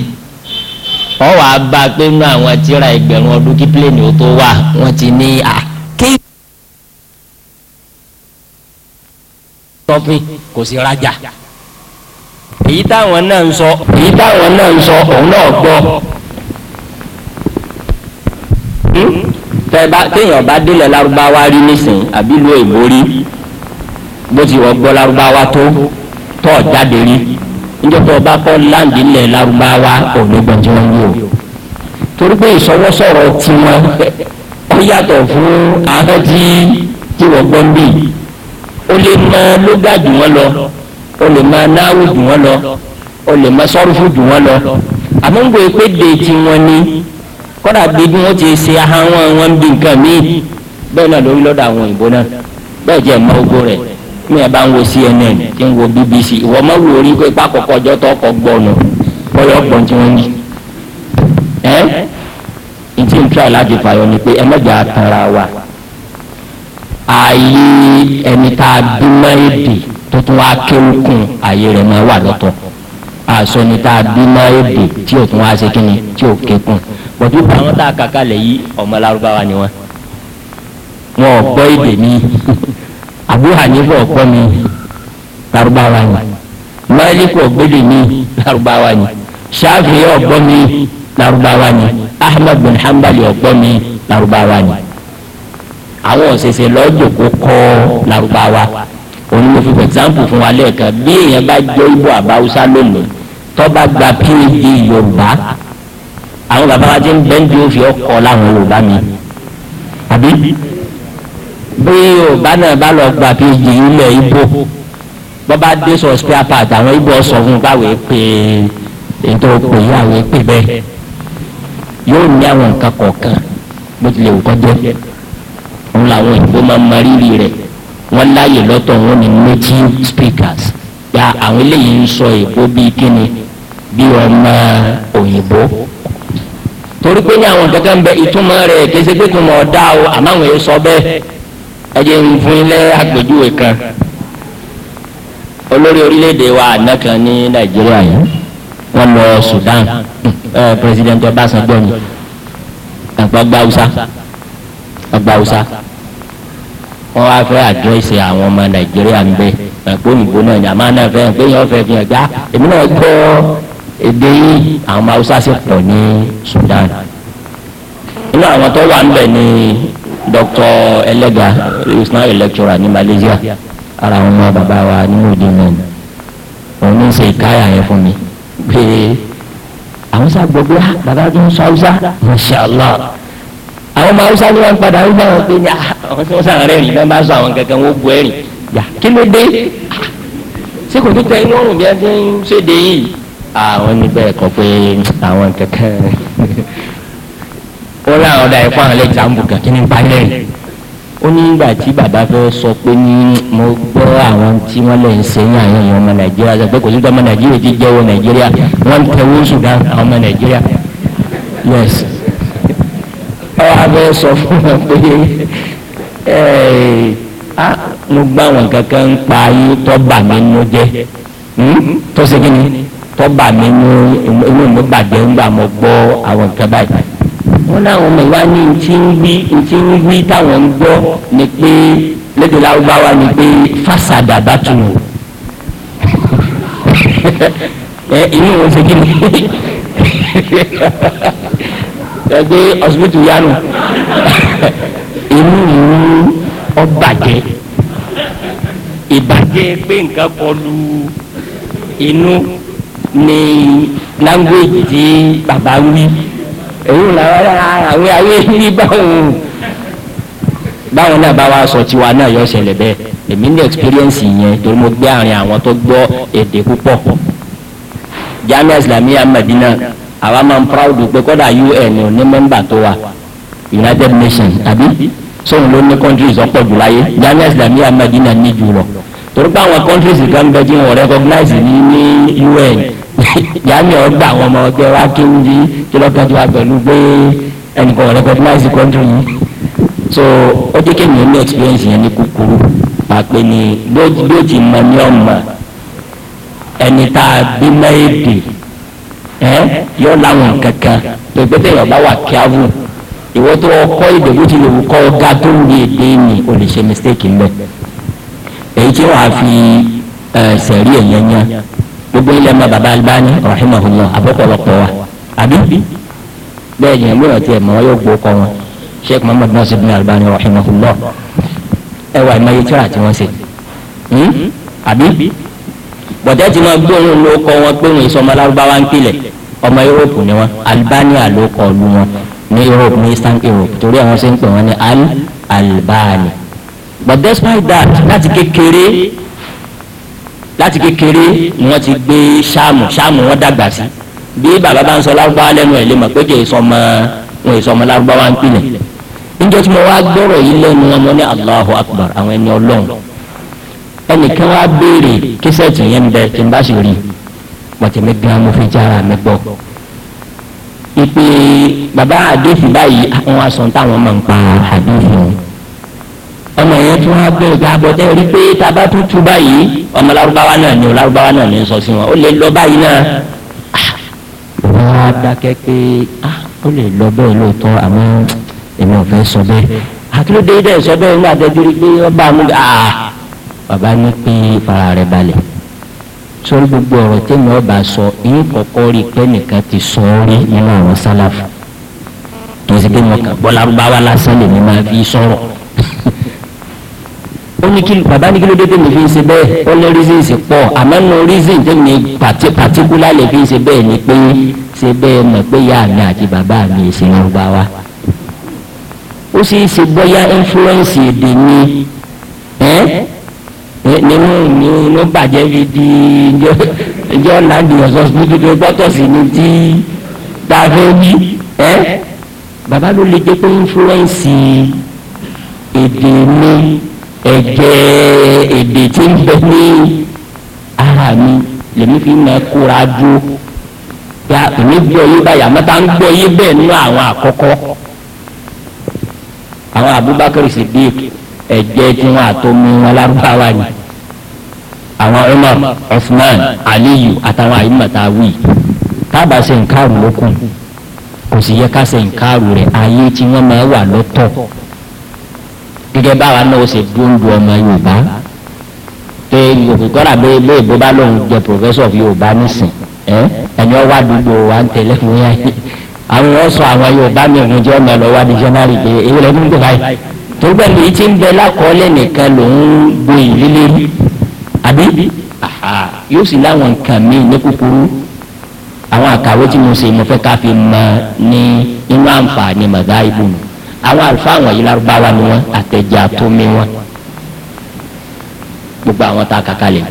wọ́n wàá bá a pé nínú àwọn tíra ẹgbẹ̀rún ọdún kí pléènì ó tó wà wọ́n ti ní à stọpin kò sí rajà èyí táwọn náà ń sọ èyí táwọn náà ń sọ òun náà gbọ́ hmm? tẹ bá téèyàn bá délẹ̀ lárúbáwá rí nísìnyí àbí lu èbó rí bó ti wọ́n gbọ́ lárúbáwá tó tọ́ jáde rí níjọba ọba kọ́ láǹdì lẹ̀ lárúbáwá ògbégbọ̀n tí wọ́n yí torí pé ìsọwọ́sọ̀rọ̀ tiwọn ó yàtọ̀ fún ahọ́n tí tí wọ́n gbọ́ ń bì í o lè mọ lóga jù wọ́n lọ o lè mọ náwó jù wọ́n lọ o lè mọ sọ́rùfù jù wọ́n lọ àmọ́ ń gbọ́ pé déètì wọn ni kọ́dà bí bí wọ́n ti ṣe ahọ́n wọn ń bí nǹkan míì bẹ́ẹ̀ náà lórí lọ́dọ̀ àwọn òyìnbó náà bẹ́ẹ̀ jẹ́ mọ ogo rẹ̀ mi ẹ̀ bá ń wo CNN tí ń wo BBC ìwọ ma wo orí pé pákọ̀kọ̀ ọjọ́ tó ọkọ̀ gbọ́nù bọ́yọ̀ ọgbọ̀n tí wọ́n ń yí ẹ́ ntí n tíra láti fàyọ ni pé ẹ mẹ́jọ àtàrà wa ààyè ẹni tá a bímọ èdè tó tún wá kéwù kún ààyè rẹ̀ máa wà lọ́tọ̀ àṣọ ni tá a bímọ èdè tí o tún wá ṣe kí ni tí o ké kún bọ̀dú àwọn tá a kàkà lẹ̀ yí ọmọ lárúbáwá ni wọn wọn ò gbọ́ èdè mi Abu Hanifa ò gbọ́ mi lárúbáwá ni Málíkù ò gbọ́dọ̀ mi lárúbáwá ni Ṣáfi'í ò mi lárúbáwá ni Ahmad bin Hanbali ò gbọ́ mi lárúbáwá ni àwọn òṣèṣe lọ́jọ́kó kọ́ Lárúbáwá òun ló fi for example fún wa lẹ́ẹ̀kan bí èèyàn bá jẹ́ ibo àbáwúsá lónìí tó bá gba phd Yorùbá àwọn bàbá wa ti ń bẹ́ńdì òfin ọkọ̀ láwọn Yorùbá mi àbí bí Yorùbá náà bá lọ gba phd ilẹ̀ ibo bọ́ba dé sọ spare part àwọn ibo sọ fún báwo pé ètò òpè yìí àwọn èpè bẹ́ẹ̀ yóò ní àwọn nǹkan kọ̀ọ̀kan bó tilẹ̀ wù kọ́ jẹ́ òun làwọn òyìnbó máa ń marírì rẹ̀ wọ́n láàyè lọ́tọ̀ wọn ni native speakers ya àwọn eléyìí ń sọ èkó bíi kíni bí ọmọ òyìnbó torí pé ní àwọn kankan bẹ ìtumọ̀ rẹ̀ kése pé kò mọ̀ ọ́ dá o àmọ́ àwọn èèyàn sọ bẹ́ẹ̀ ẹ jẹ́ ń fún ilé àgbèjúwe kan olórí orílẹ̀-èdè wa àná kan ní nàìjíríà yìí wọ́n lọ Sudan ẹ pírẹsidẹ́ntì Ọbásanjọ́ ni àgbàgbà Hausa ọgbà Hausa wọn wá fẹ́ àdírẹ́sì àwọn ọmọ Nàìjíríà ń bẹ ẹ̀pọ̀ òyìnbó náà yàmá náà fẹ́ ẹ̀ pé yẹn fẹ́ fi hàn gbá èmi náà gbọ́ èdè yìí àwọn ọmọ Hausa sì pọ̀ ní Sudan inú àwọn tó wà ń bẹ ní Dr. Elega ismail lecturer ní Malaysia ara àwọn ọmọ bàbá wa nínú òde náà òun ní ṣe ìkáyà yẹn fún mi pé àwọn sá gbọ́ ah, bàbá tó ń sọ Hausa masha Allah àwọn ọmọ haúsá ni wọn padà ń bá wọn pé ní ah, àwọn tí wọn sàn rẹ rìn náà bá sọ àwọn kankan wọn bu ẹrìn yà kí ló dé ah, ṣé kò tó tẹ inú ọrùn bí wọn ti ń ṣèdè yìí àwọn ah, níbẹ̀ kọ pé àwọn kankan ó láwọn ọ̀dà ẹ̀kọ́ àwọn ẹlẹ́jà ń bù kàn kí ni balẹ̀ ó ní ìgbà tí bàbá fẹ́ sọ pé ní mo gbọ́ àwọn tí wọ́n lè ń sẹ́yìn àwọn èèyàn ọmọ nàìjíríà sọ pé kò síbi ọmọ nàìjíríà ti jẹ́wọ́ nàìjíríà wọ́n ń tẹ̀wé Sudan àwọn ọmọ nàìjíríà yes wá fẹ́ sọ fún wọn pé a mo gbá wọn kankan ń pa ayé tọ́ba mi nínú jẹ́ hmm? tó ṣe kí ni tọ́ba mi nínú inú mi bàjẹ́ ńgbà mo gbọ́ àwọn nǹkan báyìí wọn láwọn ọmọ ìwá ní ntí ń táwọn ń gbọ́ ni pé lédè láwùbáwá ni pé fásádà bá tù wò ẹ inú wọn ṣe kí ni. ẹgbẹ ọsibítù yanu inú ìlú ọbàjẹ ìbàjẹ pé nǹkan kọlu inú ní language tí bàbá ń wí èyí ń làwọn àwọn ayé ní báwọn báwọn náà bá wa sọ tiwa náà yọ ṣẹlẹ̀ bẹ́ẹ̀ èmi ní experience yẹn torí mo gbé àárín àwọn tó gbọ́ èdè púpọ̀ jamiu islamiyah madina. Yeah àwa máa ń proud pé kọ́dà UN ò ní mẹ́mbà tó wà United Nations àbí sóun ló ní countries ọ̀pọ̀ jù láyé Jamia Islamiyya Madina ní jù lọ torí pé àwọn countries kan bẹ tí wọn recognize ní ní UN Jamia ọgbà àwọn ọmọ ọgbẹ wa kí n bí kí lọ́kàn tí wà pẹ̀lú pé ẹnìkan recognize country yìí so ó jẹ́ kéèyàn ní experience yẹn ní kúkúrú àpè ní bí ó ti mọ ní ọmọ ẹni tá a bí mọ́ yọ làwọn kankan lọ́gbẹ́ tẹ̀yìn ọba wà kíáfù ìwọ́n tó kọ́ èdè bó ti lè kọ́ ga tó ń di èdè ni o lè ṣe mistake ń bẹ̀ èyí tí wọ́n á fi sẹ̀rí ẹ̀yẹn yẹn gbogbo ilẹ̀ ma baba Albani rahimahullah abọ́pọ̀lọpọ̀ wa àbí bẹ́ẹ̀ yẹn lóyún ọtí ẹ̀ mọ́ yóò gbó kọ́ wọn sheikh muhammad nasir bin Albani rahimahullah ẹ wà ìmọ̀ yìí tí wọ́n ṣe hmm? àbí bọ̀dẹ́ ti máa gbóhùn ló kọ́ wọn pé òun ìsọmọlárúbáwá ń pilẹ̀ ọmọ Europe ni wọn Albania ló kọ lu wọn ní Europe ní Eastern Europe torí àwọn ṣe ń pè wọn ní Al Albani but despite that láti kékeré láti kékeré ni wọ́n ti gbé ṣáàmù ṣáàmù wọ́n dàgbà sí bí bàbá bá ń sọ lárúbáwá lẹ́nu ẹ̀ lè mọ̀ pé kì í sọmọ wọn ì sọmọ lárúbáwá ń pilẹ̀ níjọ́ tí mo wá gbọ́rọ̀ yìí lẹ́nu wọn mo ní Allahu Akbar àwọn ẹni ọlọ́run ẹnìkan wá béèrè kíṣẹ́ẹ̀tì yẹn ń bẹ tí n bá sì rí i pọ̀tẹ́mẹ́ gan mo fi jára mi bọ̀. ìpè bàbá àdéhùn báyìí àwọn aṣọ táwọn máa ń pa àdéhùn wọn. ọmọ yẹn tún wá bẹ́ẹ̀ gba abọ́tẹ́ rí pé tá a tu báyìí ọmọ lárúbáwá náà ni lárúbáwá náà ni sọ sí wọn ó lè lọ báyìí náà. wọ́n á dákẹ́ pé ah, ó lè lọ bẹ́ẹ̀ lóòótọ́ àmọ́ èmi ò fẹ́ sọ bẹ́ẹ̀ àkílódé dẹ̀ sọ bẹ́ẹ̀ nígbà tẹ́jú rí pé ọba àmúga ah, bàbá ní pé fara rẹ̀ balẹ̀ sórí gbogbo ọ̀rọ̀ tẹ́mi ọba sọ yín kọ̀kọ́ rí i pé nìkan ti sọ ọ́ rí nínú àwọn sálàfù kì í sì pé mo kàn gbọ́ lárúbáwá lásán lèmi máa fi sọ̀rọ̀ ó ní kí bàbá ní kí ló dé tèmi fi ń ṣe bẹ́ẹ̀ ó ní reasons pọ̀ àmọ́ nù reasons tèmi pàtíkúlà lè fi ń ṣe bẹ́ẹ̀ ni pé ṣe bẹ́ẹ̀ mọ̀ pé ìyá mi àti bàbá mi ṣe lárúbáwá ó sì ṣe bọ́yá influence èdè ni nínú ìní ló bàjẹ́ fi di ìjọ láti ọ̀sán síbi tó gbọ́tọ̀ sí ni tí tá a fẹ́ wí ẹ́ bàbá ló lè jẹ́ pé ínfúrẹ́ǹsì èdè mi ẹ̀jẹ̀ èdè tí ń bẹ ní ara mi lèmi fi máa kóra dúró ya èmi gbọ́ yé báyà mẹ́ta ń gbọ́ yé bẹ́ẹ̀ nínú àwọn àkọ́kọ́ àwọn Abubakar Siddiq ẹ̀jẹ̀ tí wọn àtomi wọn lárúbáwá ni àwọn Umar Usman Aliyu àtàwọn àyímọ̀tà wí tábà ṣe nǹkan àrùn lókun kò sì yẹ ká ṣe nǹkan àrùn rẹ̀ ayé tí wọ́n máa wà lọ́tọ̀ gẹ́gẹ́ báwa náà ó ṣe dúndú ọmọ Yorùbá pé kọ́ra bẹ́ẹ̀ bẹ́ẹ̀ bó bá lóun jẹ professor of Yorùbá nísìn ẹni ọwọ́ àdúgbò wa ń tẹ̀lé fún yẹn àwọn ọ̀sán àwọn Yorùbá mi ìrìnjẹ́ ọmọ ẹ̀ lọ́wọ́ adìjẹ́ náà rí i pé èyí lẹ́nu ń gbé báyìí torí pẹ̀lú yìí ti ń bẹ lákọọ́lẹ̀ nìkan lòún bo ìlílé rí àbí yóò sì láwọn nǹkan míì ní kúkúrú àwọn àkàwé tí mo ṣe mo fẹ́ ká fi mọ ní inú àǹfààní màgá ibù mi àwọn àlùfáà àwọn yìí lárúbáwá ni wọn àtẹ̀jẹ́ àtọ́mí wọn gbogbo àwọn tá a kàkà lẹ̀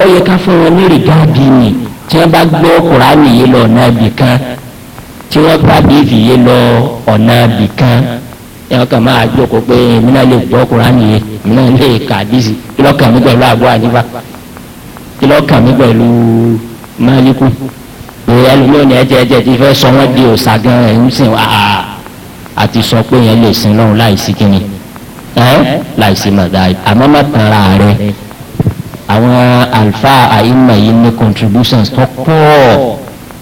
ó yẹ ká fún wọn ní rìgáàdì ni tí wọ́n bá gbọ́ kùránì yìí lọ ọ̀nà ibì kan tí wọ́n bá dé fìyé lọ ọ̀nà ibì kan yẹn máa jókòó pé èmi lè gbọ́ Kùránì yìí èmi lè kà dísì kí ló pẹ̀lú àbúrò àníbà kí ló pẹ̀lú Máàlíkù pé ẹlòmíràn ẹ̀jẹ̀ ẹ̀jẹ̀ ti fẹ́ sọ wọ́n di òòṣà gan ẹ̀yìn sìn wá àti sọ pé yẹn lè sin lọ́run láìsí kíni láìsí màdá àmọ́ rẹ àwọn alfa àyínmà yìí ní contributions tó pọ̀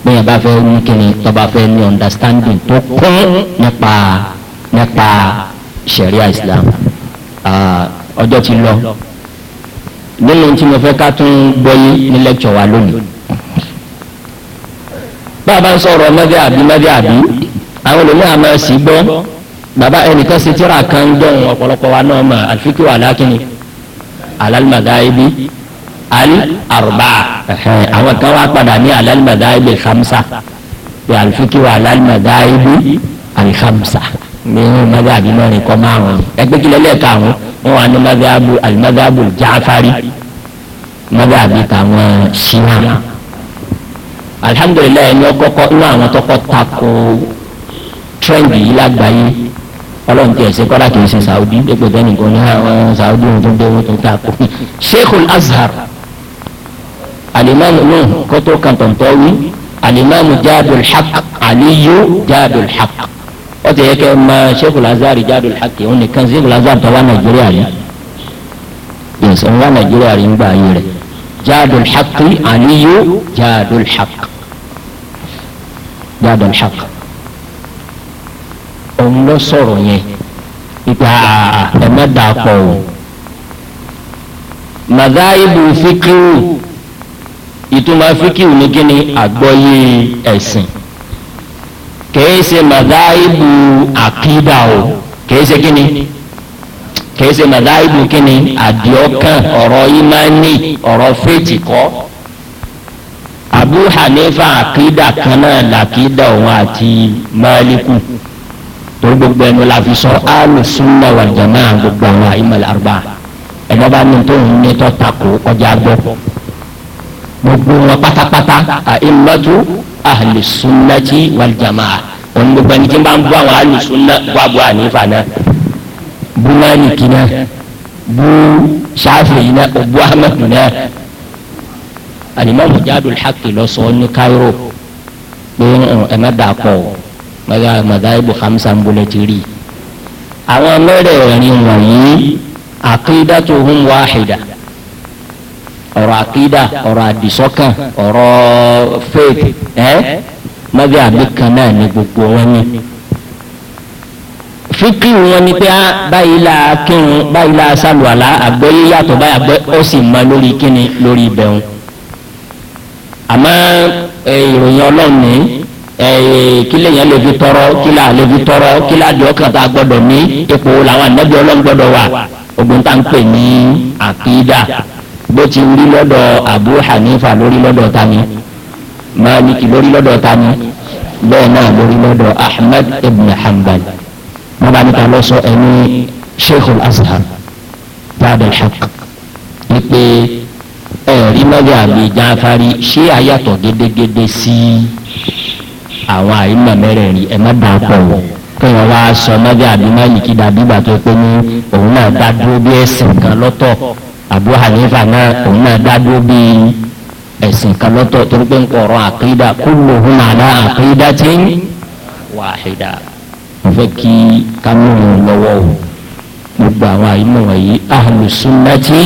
bẹ́ẹ̀ bá fẹ́ ní kíni tó bá fẹ́ ní understanding tó pọ̀ nípa nípa sharia islam ọjọ́ ti lọ nínú tí mo fẹ́ ká tún gbọ́yé ní lẹ́kṣọ̀ wa lónìí bàbá ń sọ̀rọ̀ mẹ́fẹ́ àbí mẹ́fẹ́ àbí àwọn olùmọ̀ àmọ́ sì gbọ́ bàbá ẹnìkan ṣe tíra kan dọ̀hún ọ̀pọ̀lọpọ̀ wa náà mà àfikún wà lákìnnì alálùmọ̀dá ibi ali arba àwọn kan wá padà ní alálùmọ̀dá ibi khamsa bí àfikún wà alálùmọ̀dá ibi alihamsa mìíràn madhabi mẹ́rin kọ́ márùn-ún ẹgbẹ́ kílẹ̀ lẹ́ẹ̀ka àwọn wọn wà ní madhabu alimadhabu jaafari madhabi tàwọn ṣìnà alihamudulilayi ẹni ọkọkọ inú àwọn tọkọ tako trend yìí lágbàáyé ọlọ́run tí ẹ̀sìn kọ́lá kìí ṣe saudi pépè bẹ́ẹ̀ nìkan ní àwọn saudi ohun tó ń bẹ́ẹ̀ tó ń tako sheikhul azhar alimami nuh kótó kan alimami jaadul haq aliyu jaadul haq ó ti yẹ kẹ́ ma sheikh lazari jadu haki òun nìkan sheikh lazari tó wá nàìjíríà rí yẹsẹ̀ ń wá nàìjíríà rí ń gbà ayé rẹ̀ jadu haki àníyó jadu haki jadu haki òun lọ sọ̀rọ̀ yẹn ìgbà ẹ̀mẹ́ta o màdáìbù fíkìrù ìtumọ̀ fíkìrù ní kíni àgbọ́yé ẹ̀sìn. E kèé ṣe màdáìbù àkídà o kèé ṣe kíni kèé ṣe màdáìbù kíni àdìọ́kàn ọ̀rọ̀ ìmánì ọ̀rọ̀ fèjì kọ́ abu hanifa akida kana lakida làkídà òun àti máàlíkù tó gbogbo ẹnu la fi sọ alùsùnà wal jamaa gbogbo àwọn àyìnbó àrùbá ẹ̀dọ́ bá ní tó ń ní tó takò kọjá gbọ́ gbogbo wọn pátápátá àìmọ́tò àlùsùnàtì wàlìjàmà wọn gbogbo ẹni tí ń bá ń bú àwọn àlùsùnà bú abu ànífà náà bú mánìkì náà bú sáfìrì náà bú ahmadu náà alimami jaadul haqi lọ ní Cairo pé ẹ má dà pọ̀ madaibu hamsa ń bolẹ̀ ti rí àwọn mẹ́rẹ̀ẹ̀rin wọ̀nyí àkídàtúhum wáhìdà ọ̀rọ̀ àkídà ọ̀rọ̀ àdìsọ́kàn ọ̀rọ̀ faith ẹ́ mọ́bí àbí kan náà ni gbogbo wọn ni. fíkì wọn ni pé báyìí la kírun báyìí la sálùwàlá àgbọ́yé yàtọ̀ báyìí àgbọ́ ó sì mọ lórí kíni lórí ibẹ̀hún. àmọ́ ìròyìn ọlọ́run ní kílẹ̀ yẹn lè fi tọrọ kílà lè fi tọrọ kílà di ọkàn tá a gbọ́dọ̀ ní ipò làwọn ànábì ọlọ́run gbọ́dọ̀ wà ogun tá n pè ní àkídà bó ti rí lọ́dọ̀ abu hanifa lórí lọ́dọ̀ tani maliki lórí lọ́dọ̀ tani bẹ́ẹ̀ náà lórí lọ́dọ̀ ahmed ibn hanbal wọn bá níta lọ sọ ẹni sheikh al-azhar bàbá al-haq wípé ẹ̀rí mọ́jà àbí jáfárí ṣé àyàtọ̀ gédégédé sí àwọn àyínmọ̀ mẹ́rẹ̀ẹ̀rin ẹ̀ má dàá pọ̀ wọ̀ kí wọ́n wá sọ mọ́jà àbí maliki dàbí ìgbà pé ní òun náà dá dúró bí ẹ̀sìn kan lọ́tọ̀. Abu Hanifa náà òun náà dádúró bíi ẹ̀sìn kan lọ́tọ̀ torí pé ń pọ̀ ọ̀rọ̀ àkídà kulluhum ala aqidatin wahida mo fẹ́ kí kámẹ́rún lọ́wọ́ o gbogbo àwọn àyínú wọ̀nyí ahlu sunnati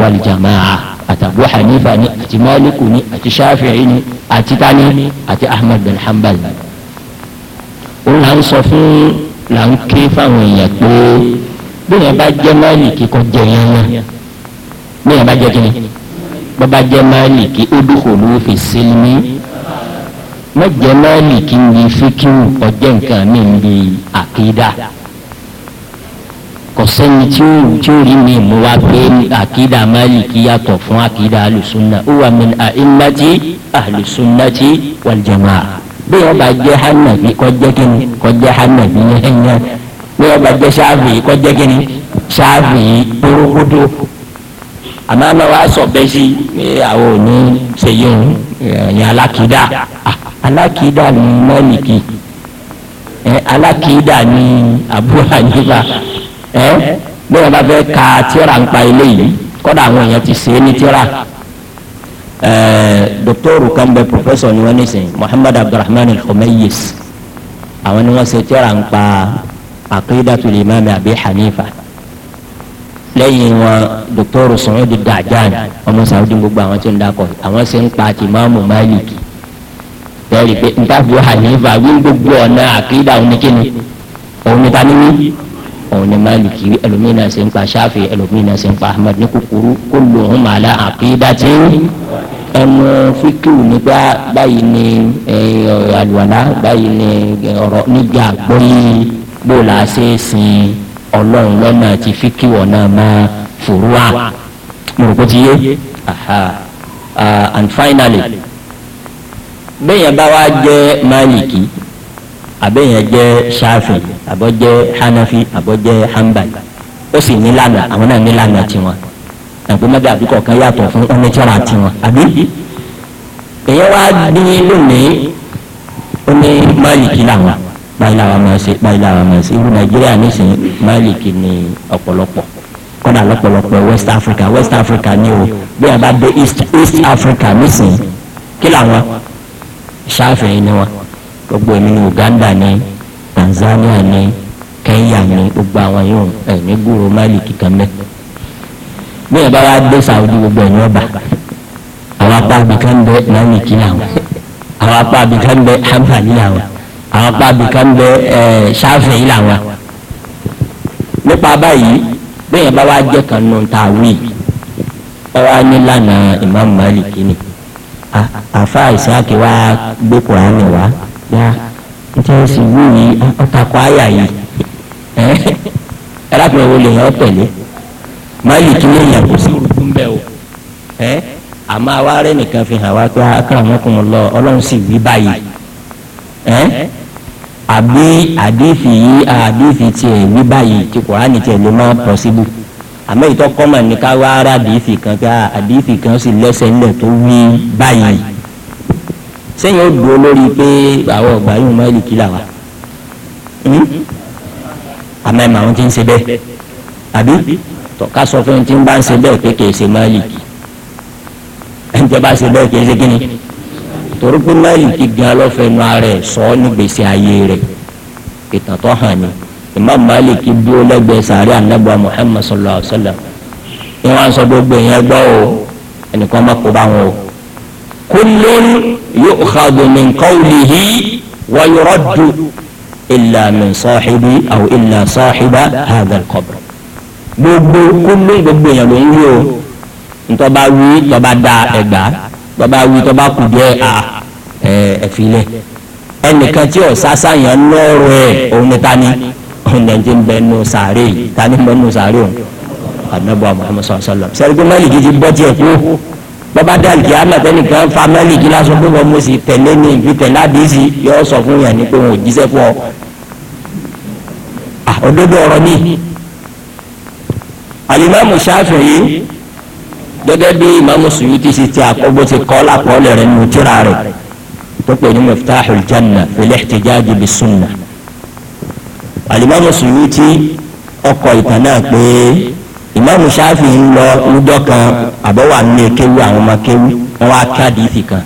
wal jamaa àti Abu Hanifa ni àti Maliku ni àti Shafi'i ni àti tani àti Ahmad bin Hanbal ó là ń sọ fún là ń ké fáwọn èèyàn pé bí wọn bá jẹ Málíkì kíkọ jẹ yẹn yẹn bí wọn bá jẹ kíni bọ́ bá jẹ máàlìkì odúkòló fi sílmi má jẹ máàlìkì ní fíkìú ọjẹ́ nǹkan mi ń bi àkídà kò sẹ́ni tí ó tí ó rí mi mú wa pé àkídà máàlìkì yàtọ̀ fún àkídà alùsùnà ó wà mí àìmọ́tì alùsùnàtì wàlìjàmà bí wọn bá jẹ hànàbí kọ́ jẹ́ kíni hànàbí yẹn yẹn bí wọn bá jẹ sáfì kọ́ jẹ́ kíni sáfì porokoto àmọ́ àmọ́ wa sọ bẹ́ẹ̀ sí ní àwọn òní ṣèyí òun ẹ̀yìn alákìídá alákìídá ni mọ́nìkì alákìídá ni Abu Hanifa bí wọ́n bá fẹ́ ka tíọ́rà ń pa ilé yìí kọ́dà àwọn èèyàn ti ṣe é ní tíọ́rà dọ́kítọ́rù kan bẹ pọfẹ́sọ̀ ni wọ́n ní sìn Muhammad Abdulrahman al-Khumayis àwọn ni wọ́n ṣe tíọ́rà ń pa aqidatul imam Abi Hanifa lẹ́yìn wọn dọ́kítọ́rù sọ̀rọ̀dì dàjàn ọmọ sàwùdí gbogbo àwọn tí ń dakọ̀ àwọn sì ń pa ti máàmù máàlìkì bẹ́ẹ̀ni pé ntàbí hànífà wí gbogbo ọ̀nà àkídà òun ni kíni òun ni taníwí òun ni máàlìkì ẹlòmíín náà sì ń pa sáfì ẹlòmíín náà sì ń pa ahmed ní kúkúrú kó lò ó màlá àkídà tí ẹnu fíkìw nígbà báyìí ni àlùwàlá báyìí ni ọ̀rọ̀ nígbà gbóyè bó la ṣe sìn ọlọ́run lọ́nà àti fíkìwọ̀ náà máa fòrò wá ti yé ah, and finally bẹ́ẹ̀yẹn bá wá jẹ́ máàlìkì àbẹ́yẹn jẹ́ ṣáfì àbọ̀ jẹ́ hanafi àbọ̀ jẹ́ hanbali ó sì nílànà àwọn náà nílànà tiwọn àgbẹ̀ mẹ́ta àbí kọ̀ọ̀kan yàtọ̀ fún ọ́nẹ́tìrà tiwọn àbí èyẹ wá dín lónìí ó ní máàlìkì làwọn báyìí làwọn máa ṣe báyìí làwọn máa ṣe irú nàìjíríà nísìnyí máìlìkì ni ọ̀pọ̀lọpọ̀ kọ́dà lọ́pọ̀lọpọ̀ west africa west africa ni o bí a bá dé east east africa nísìnyí kí làwọn ṣáfẹ̀ ni wọn gbogbo èmi ni uganda ni tanzania ni kenya ni gbogbo àwọn yóò ẹ̀ ní gbúrò máìlìkì kan mẹ́ bí a bá wá dé saudi gbogbo ẹ̀ ní ọba àwọn apá abìkan bẹ máìlìkì làwọn àwọn apá abìkan bẹ hàmfà làwọn. àwọn pàbí kan bẹ ẹ ṣáfẹ̀ yìí làwọn. nípa báyìí bẹ́ẹ̀ bá wá jẹ́ kan nù tá a wí ẹ ní lánàá Imam Malik ni àfa ìsáàkì wa gbé kùránì wá yá nítorí sì wú yìí àyà yìí ẹ lápẹ̀ ní kò sí orúkú o àmọ́ àwa rẹ̀ nìkan fi hàn wá pé lọ àbí àdéfì yìí àdéfì tiẹ̀ wí báyìí tí kòránì tiẹ̀ ló máa pọ̀sibú àmọ́ ìtọ́ kọ́mọ̀ ní ká wá ara àdéfì kan ká àdéfì kan sì lẹ́sẹ̀ ńlẹ̀ tó wí báyìí sẹ́yìn ó dúró lórí pé àwọn ọgbà yìí mọ́ ìlìkí là wá hmm? àmọ́ ìmọ̀ àwọn tí ń ṣe bẹ́ẹ̀ àbí tọ́ka sọ fún un tí ń bá ń ṣe bẹ́ẹ̀ pé kì í ṣe mọ́ ìlìkí ẹni tí bá ṣe bẹ́ẹ̀ kì í ṣe torí pé Málíkì gan lọ́fẹ̀ẹ́nu ara ẹ̀ sọ ọ́ ní gbèsè ayé rẹ̀ ìtàn tó hàn ní Imam Málíkì dúró lẹ́gbẹ̀ẹ́ sàárẹ̀ anábọ̀ Muhammad sallallahu alayhi wa sallam ni wọ́n sọ gbogbo yẹn gbọ́ o ẹnìkan má kó bá wọn o. kullun yu'khadhu min qawlihi wa yuraddu illa min sahibi aw illa sahiba hadha al-qabr gbogbo kullun gbogbo yẹn ló ń wí o ntọ́ba wí tọ́ba da ẹgbàá baba wí tó bá kù díẹ̀ à ẹ filẹ̀ ẹnìkan tí ọ̀sásá yẹn lọ́rọ̀ ẹ̀ òun ni tani òun ni ti ń bẹ nù sàárè yìí tani ń bẹ nù sàárè o anabu Muhammad sallallahu alaihi wasallam sẹ́rìgbọ́n mẹ́lìkì ti bọ́ tiẹ̀ kú bàbá dàlùkì àmọ̀tẹ́nì kan fa mẹ́lìkì lásán pé wọ́n mú sí tẹ̀lé ní ìfi tẹ̀lé àdéhìsì yọ sọ fún yẹn ni pé wọn ò jíṣẹ́ fún ọ. òdodo ọ̀rọ̀ ni Alimamu Shafi'i gẹ́gẹ́ bí imaamu suyuti si ti àkọ́gbó ti kọ́ lákọ́ọ́lẹ̀ rẹ̀ nù tíra rẹ̀ tó pè ní miftahul janna fil ihtijaj bis sunna alimaamu suyuti ọkọ̀ ìtàn náà pé imaamu shafi ń lọ lọ́jọ́ kan àbọ̀wà ní kéwu àwọn ọmọ kéwu wọn wá ká àdìsí kan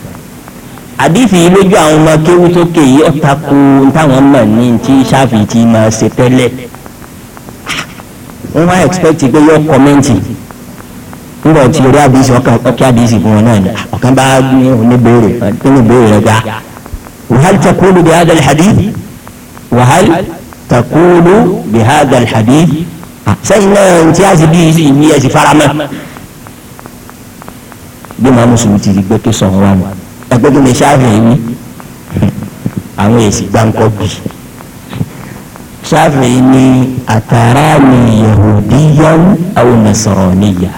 àdìsí yìí lójú àwọn ọmọ kéwu tó ké yìí ọ̀ta ku táwọn mọ̀ ní ti shafi ti máa ṣe tẹ́lẹ̀ wọ́n wá expect pé yọ kọ́mẹ́ǹtì nígbà tí orí àdìsí ọkàn ọkẹ àdìsí fún wọn náà ni ọkàn bá ní oníbèrè oníbèrè rẹ gbà wàhálì takulu bi hadal hadith wàhálì takulu bi hadal hadith sẹ́yìn náà ntí a sì bí yìí ní ẹ̀sìn faramẹ́ bí màá mùsùlùmí ti di gbẹ́kẹ̀ sọ̀rọ̀ wa mọ̀ ẹgbẹ́ tó lè yìí àwọn èsì gbáǹkọ́ bì ṣáàfì yìí ni àtàrà ni yahudiyan aw nasaraniya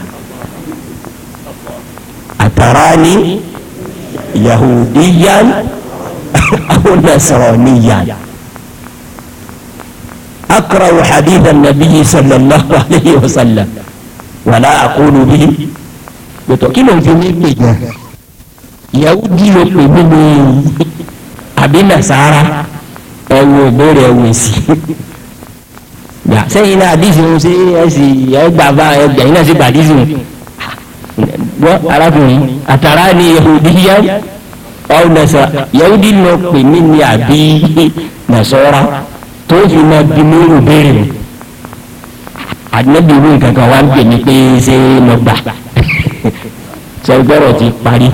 nasarani yahudiyan aw nasaraniyan akrahu haditha nabiyyi sallallahu alayhi wa sallam wala akulu bihi gbẹtọ kí ló ń fi mí pè jẹ yahudi ló pè mí ní àbí nasara ẹ wo ìbéèrè ẹ wo èsì gbà sẹ́yìn náà àdìsí ń ṣe ẹ sì ẹ gbà bá ẹ gbà yín náà sì gbà àdìsí ń gbọ́ arábìnrin àtàrà ni yahudiya aw nasa yahudi nọ pè mí ni àbí nasọra tó fi máa bí mi ò béèrè mi àdínábì ìwé kankan wá ń pè mí pé ṣé mo gbà sẹgbẹrọ ti parí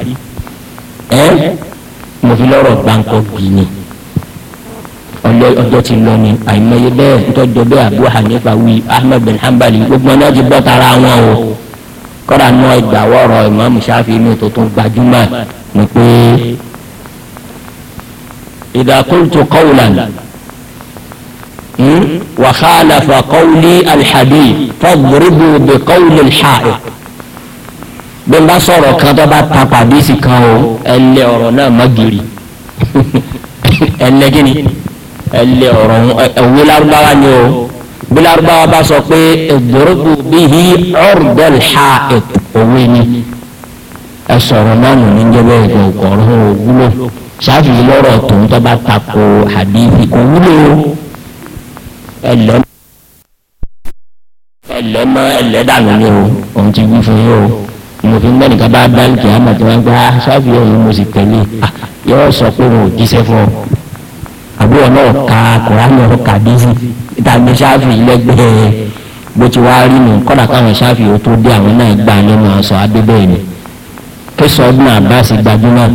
ẹ mo fi lọ́rọ̀ gbáǹkọ bì ní ọjọ́ ti lọ ni àìmọye bẹ́ẹ̀ ntọjọ bẹ́ẹ̀ Abu Hanifa wi Ahmad bin Hanbali gbogbo náà ti tara wọn o kọ́ra nù ẹgbà wọ́rọ̀ ìmáàmù Ṣáfi inú tó tún gbajúmọ̀ ni pé idha qultu qawlan hmm, wa khalafa qawli al-hadith fadribu bi qawli al-ha'iq bí n bá sọ̀rọ̀ kan tó bá ta pàdésì kan o ẹlẹ ọ̀rọ̀ náà má giri ẹlẹ gini ẹlẹ ọ̀rọ̀ òwe lárúbáwá ni o bilarubawa bá sọ pé ìdúrógbò bíi ọ̀rùdẹ́lì ha òwe ni ẹ sọ̀rọ̀ náà nù ní jẹ́bẹ́ ìgbọ̀ngàn ọ̀rọ̀ òwúlò ṣáàfì lọ́rọ̀ tòun tó bá tako hadithi òwúlò ẹlẹ́mọ́ ẹlẹ́mọ́ ẹlẹ́dàánú ni o òun ti wí o mo fi ń bẹ́ẹ̀ nìkan bá dáńkì àmọ̀ tí wọ́n ah, mo sì tẹ̀lé ah, yọ sọ pé mo ò jíṣẹ́ àbí wọn náà ka kùránì ọ̀rọ̀ kàdísì tàbí ṣáfì lẹ́gbẹ̀ẹ́ bó ti wá rí mi kọ́dà káwọn ṣáfì ó tó dé àwọn náà gbà nínú aṣọ adébẹ̀yìn kẹsàn-án ibùnà abbas gbajúmọ̀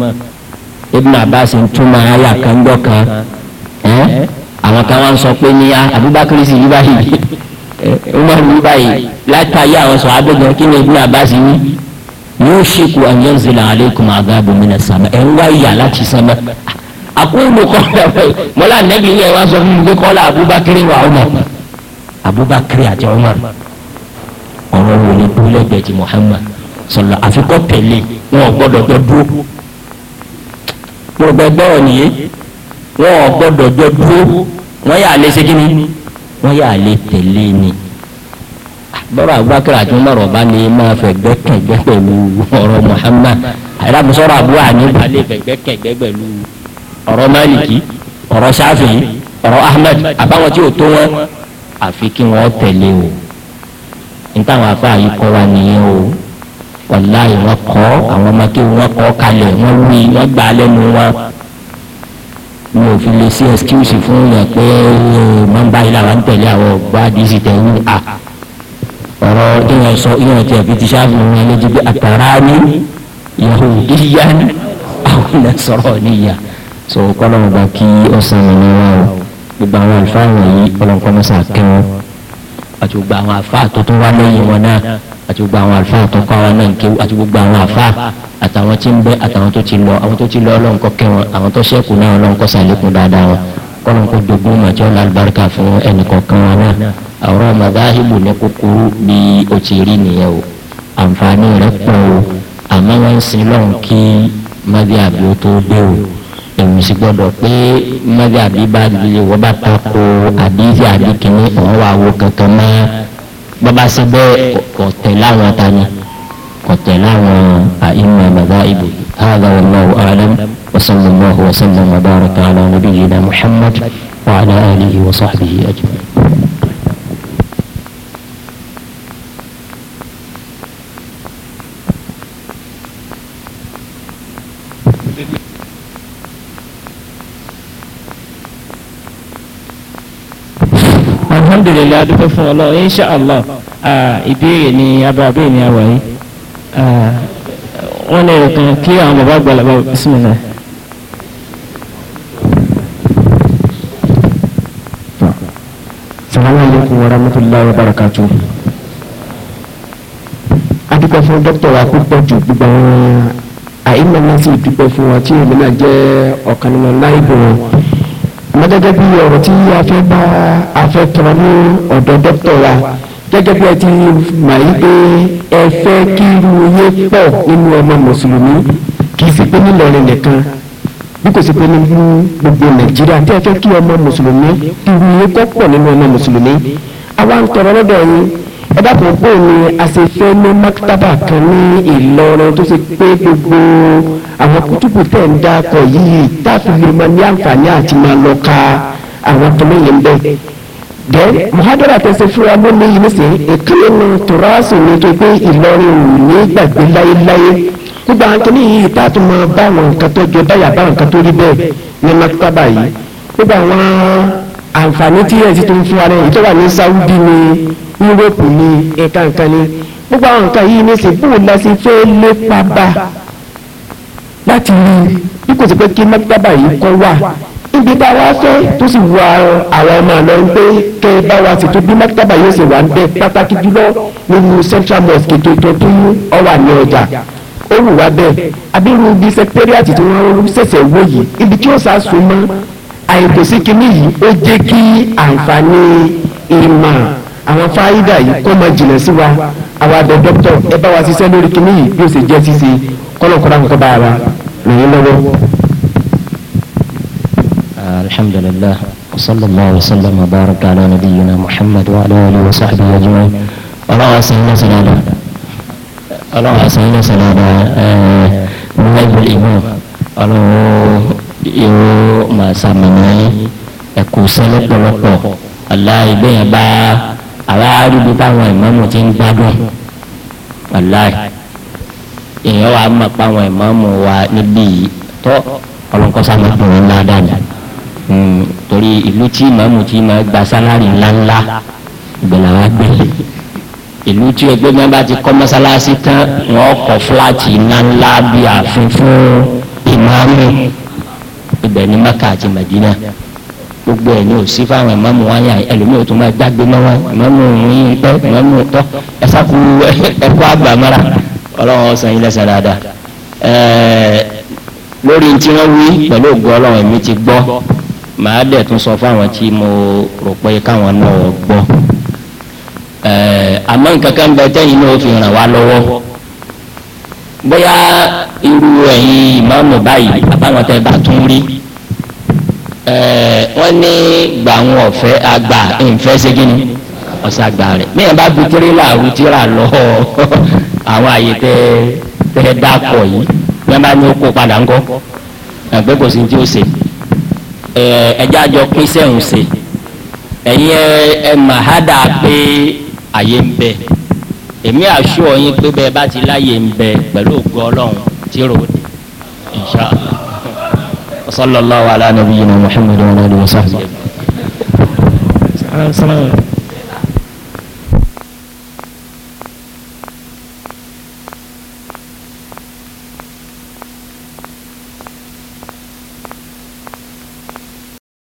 ibùnà abbas ń túmọ̀ ayà kan gbọ́ kan àwọn kan wá ń sọ pé ní abubakar sì yí báyìí umar yí báyìí látàyé àwọn sọ abẹ́gbẹ́ kí ni ibùnà abbas yí yóò ṣekú anyanzila aleikum agabu minasama ẹ̀ ń wá láti sánmà àkúlù kọ́lá mọ́lá nẹ́bí yẹn wá sọ fún mi pé kọ́lá abubakar wà ọmọ abubakar àti ọmọ ọ̀rọ̀ wo ni dúró lẹ́gbẹ̀ẹ́ ti muhammad sọlọ àfikọ́ tẹ̀lé wọn gbọ́dọ̀ jọ dúró wọn gbọ́dọ̀ nìyí wọn gbọ́dọ̀ jọ dúró wọn yà lé segin ni wọn yà lé tẹ̀lé ni bọ́rọ̀ abubakar àti umar ọba ni máa fẹ́ gbẹ́kẹ̀gbẹ́ pẹ̀lú ọ̀rọ̀ muhammad àyàrá musọ́rọ̀ abu hanifa lè fẹ́ gbẹ́kẹ̀gbẹ́ pẹ̀lú ọ̀rọ̀ Málìkì ọ̀rọ̀ Ṣáfi'í ọ̀rọ̀ Ahmed àbáwọn tí ò tó wọn àfi kí wọ́n tẹ̀lé o níta àwọn afá yìí kọ́ wa nìyẹn o wàláyé wọn kọ́ àwọn ọmọ kí wọn kọ́ kalẹ̀ wọn wí wọn gbà á lẹ́nu wọn mi ò fi lè ṣe excuse fún yẹn pé máa ń báyìí làwọn tẹ̀lé àwọn ọgbà dc tẹ̀wé a ọ̀rọ̀ ìyẹn sọ ìyẹn tí a fi ti ṣáàfù wọn lójú pé àtàrà ni yahoo ìyá ni àwọn ìyẹn sọ̀rọ̀ níyà so kọ́lọ́mù bá kí ọ̀sán mi ní wa o gbogbo àwọn àlùfáà wọ̀nyí ọlọ́mù kọ́ mọ́sà kí wọn àti gbogbo àwọn àlùfáà tó tún wá lẹ́yìn wọn náà àti gbogbo àwọn àlùfáà tó kọ́ àwọn náà kéwù àti gbogbo àwọn àlùfáà àtàwọn tí ń bẹ àtàwọn tó ti lọ àwọn tó ti lọ ọlọ́mù kọ́ kẹ́ àwọn tó ṣẹ́kù náà ọlọ́mù sàlékún dáadáa wọn kọ́lọ́mù kọ́ dogun màjọ́ lálùbáríkà fún ẹnì kọ̀ọ̀kan wọn náà àwọn màdáhìbù èmi sì gbọ́dọ̀ pé mẹ́gà bí bá lè wọ́n bá tako àdíyí àdíkìní òun wà wo kankan mọ́ bàbá ṣe bẹ́ẹ̀ kọ̀tẹ̀ láwọn tani kọ̀tẹ̀ láwọn àìmọ̀ bàbá ibò hàdà wàlláhu alam wasalaamu alayhi wa sallam wa baraka ala nabiyina muhammad wa ala alihi wa sahbihi ajma'in. alhamdulilayi adúpẹ́ fún ọlọ́run insha allah ìbéèrè ni abàbí mi àwọ̀ yìí wọ́n lè kàn kí àwọn bàbá àgbàlagbà bisimilá. salamu alaykum wa rahmatulahi wa barakatu. adúpẹ́ fún dókítà wa púpọ̀ jù gbogbo àwọn àìmọ̀ náà sì dúpẹ́ fún wa tí èmi náà jẹ́ ọ̀kan nínú láìpẹ́ wọn ṣùgbọ́n gẹ́gẹ́ bí ọ̀rọ̀ tí a fẹ́ bá a fẹ́ tọrọ ní ọ̀dọ̀ dókítà wa gẹ́gẹ́ bí ẹ ti mà yí pé ẹ fẹ́ kí irú oyé pọ̀ nínú ọmọ mùsùlùmí kì í sì pé nílọrin nìkan bí kò sí pé nínú gbogbo nàìjíríà tí ẹ fẹ́ kí ọmọ mùsùlùmí irú oyé kọ́ pọ̀ nínú ọmọ mùsùlùmí àwa ń tọrọ lọ́dọ̀ yín ẹ dákun pé ní àṣefẹ́ ní maktaba kan ní Ìlọrin tó ṣe pé gbogbo àwọn kútùkù tẹ̀ ń dákọ̀ yìí táàfin lè máa ní àǹfààní àti máa lọ ka àwọn tó lóye ń bẹ́ẹ̀ dẹ muhadara tẹsẹ fúra ló ní yìí nísìnyí ìkíni ní tòrásì ní tó pé Ìlọrin ò ní gbàgbé láyéláyé gbogbo àwọn kìíní yìí tààtù máa bá àwọn nǹkan tó jọ báyà bá nǹkan tó rí bẹ́ẹ̀ ní makitaba yìí gbogbo àwọn àǹfààní tí wa rẹ ìtọ́wà ní Yúróòpù ní nǹkan nǹkan ni gbogbo àwọn nǹkan yìí ní sè bóun la ṣe fẹ́ lépa láti rí bí kò sí pé kí mọ́tàbà yìí kọ́ wà níbi tá a fẹ́ tó sì wọ àwọn ọmọ àlọ́ ń pé kẹ́ bá wa ṣètò bí mọ́tàbà yóò ṣe wà ń bẹ pàtàkì jùlọ nínú central mosque tó tó tó ọwà ní ọjà ó wù wá bẹ́ẹ̀ abirù bíi sẹkítẹ́rìàtì tí wọ́n ṣẹ̀ṣẹ̀ wó yìí ibi tí ó sá so mọ́ àìkòsí kinní yìí ó jẹ́ kí àǹfààní ìmọ̀ àwọn fáyidà yìí kó máa jìnà sí wa àwọn àbẹ dókítà ẹ bá wa ṣiṣẹ́ lórí kìnnì yìí yóò ṣe jẹ́ ṣíṣe kọ́lọ̀kọ́lá kankan bá wa lòyìn lọ́wọ́. alhamdulillah وصلى الله وسلم وبارك على نبينا محمد وعلى اله وصحبه اجمعين ọlọ́wọ́ sẹ́yìn lọ́sẹ̀ dáadáa ọlọ́wọ́ sẹ́yìn lọ́sẹ̀ dáadáa ẹ̀ẹ́ nígbà ìmọ̀ ọlọ́wọ́ ìwọ màsàmì ní ẹ̀kọ́ sẹ́lẹ̀ pọ̀lọpọ̀ aláìgbẹ́yìn bá àwa arúgbó táwọn ìmáàmù ti ń gbádùn wàláì èèyàn wa mọ̀ páwọn ìmáàmù wa níbí yìí tọ́ ọlọ́nkọ́sá máa bọ̀ wọn ládàá ni hmm, torí ìlú tí ìmáàmù ti máa gba sálárì ńláńlá ìgbẹ̀lá wa gbẹ̀lẹ̀ ìlú tí ẹgbẹ́ náà bá ti kọ́ mọ́sálásí tán wọ́n kọ́ fúláàtì ńláńlá bíi ààfin fún ìmáàmù ibẹ̀ ní Mẹ́kà àti Mẹ́dínà gbogbo ẹ̀ ní òsì fáwọn ìmọ̀mù wọn yà ẹlòmíràn tó máa dágbé mọ́ wọn ìmọ̀mù yìí tọ́ ìmọ̀mù tọ́ ẹ sáku ẹ̀kọ́ àgbàmọ́ra ọlọ́run ọ̀sán yìí lẹ́sẹ̀ dáadáa lórí tí wọ́n wí pẹ̀lú ògùn ọlọ́run èmi ti gbọ́ màá dẹ̀ tún sọ fáwọn tí mo rò pé káwọn náà gbọ́ àmọ́ nǹkan kan bẹ tẹ́yìn náà fi ràn wá lọ́wọ́ bóyá irú ẹ̀yin ìmọ̀mù báyìí àbáwọn tẹ́ bá tún rí Eh, wọ́n ní gbà wọn ọ̀fẹ́ àgbà ìfẹ́ segin ọ̀sà àgbà rẹ̀ mẹ́yìn bá bu tirẹ́là rútìrà lọ àwọn àyè tẹ tẹ dákọ̀ yìí mẹ́yìn bá ní ó kó padà ńkọ́ àgbẹ̀ kò sí ní tí ó ṣe eh, ẹ̀ẹ́dẹ́ àjọ pín sẹ́hùn ṣe ẹ̀yin ẹ màhádà pé àyè ń bẹ èmi àṣọ yín pé bẹ́ẹ̀ bá ti láyè ń bẹ pẹ̀lú ògo ọlọ́run tí rò وصلى الله على نبينا محمد وعلى اله وصحبه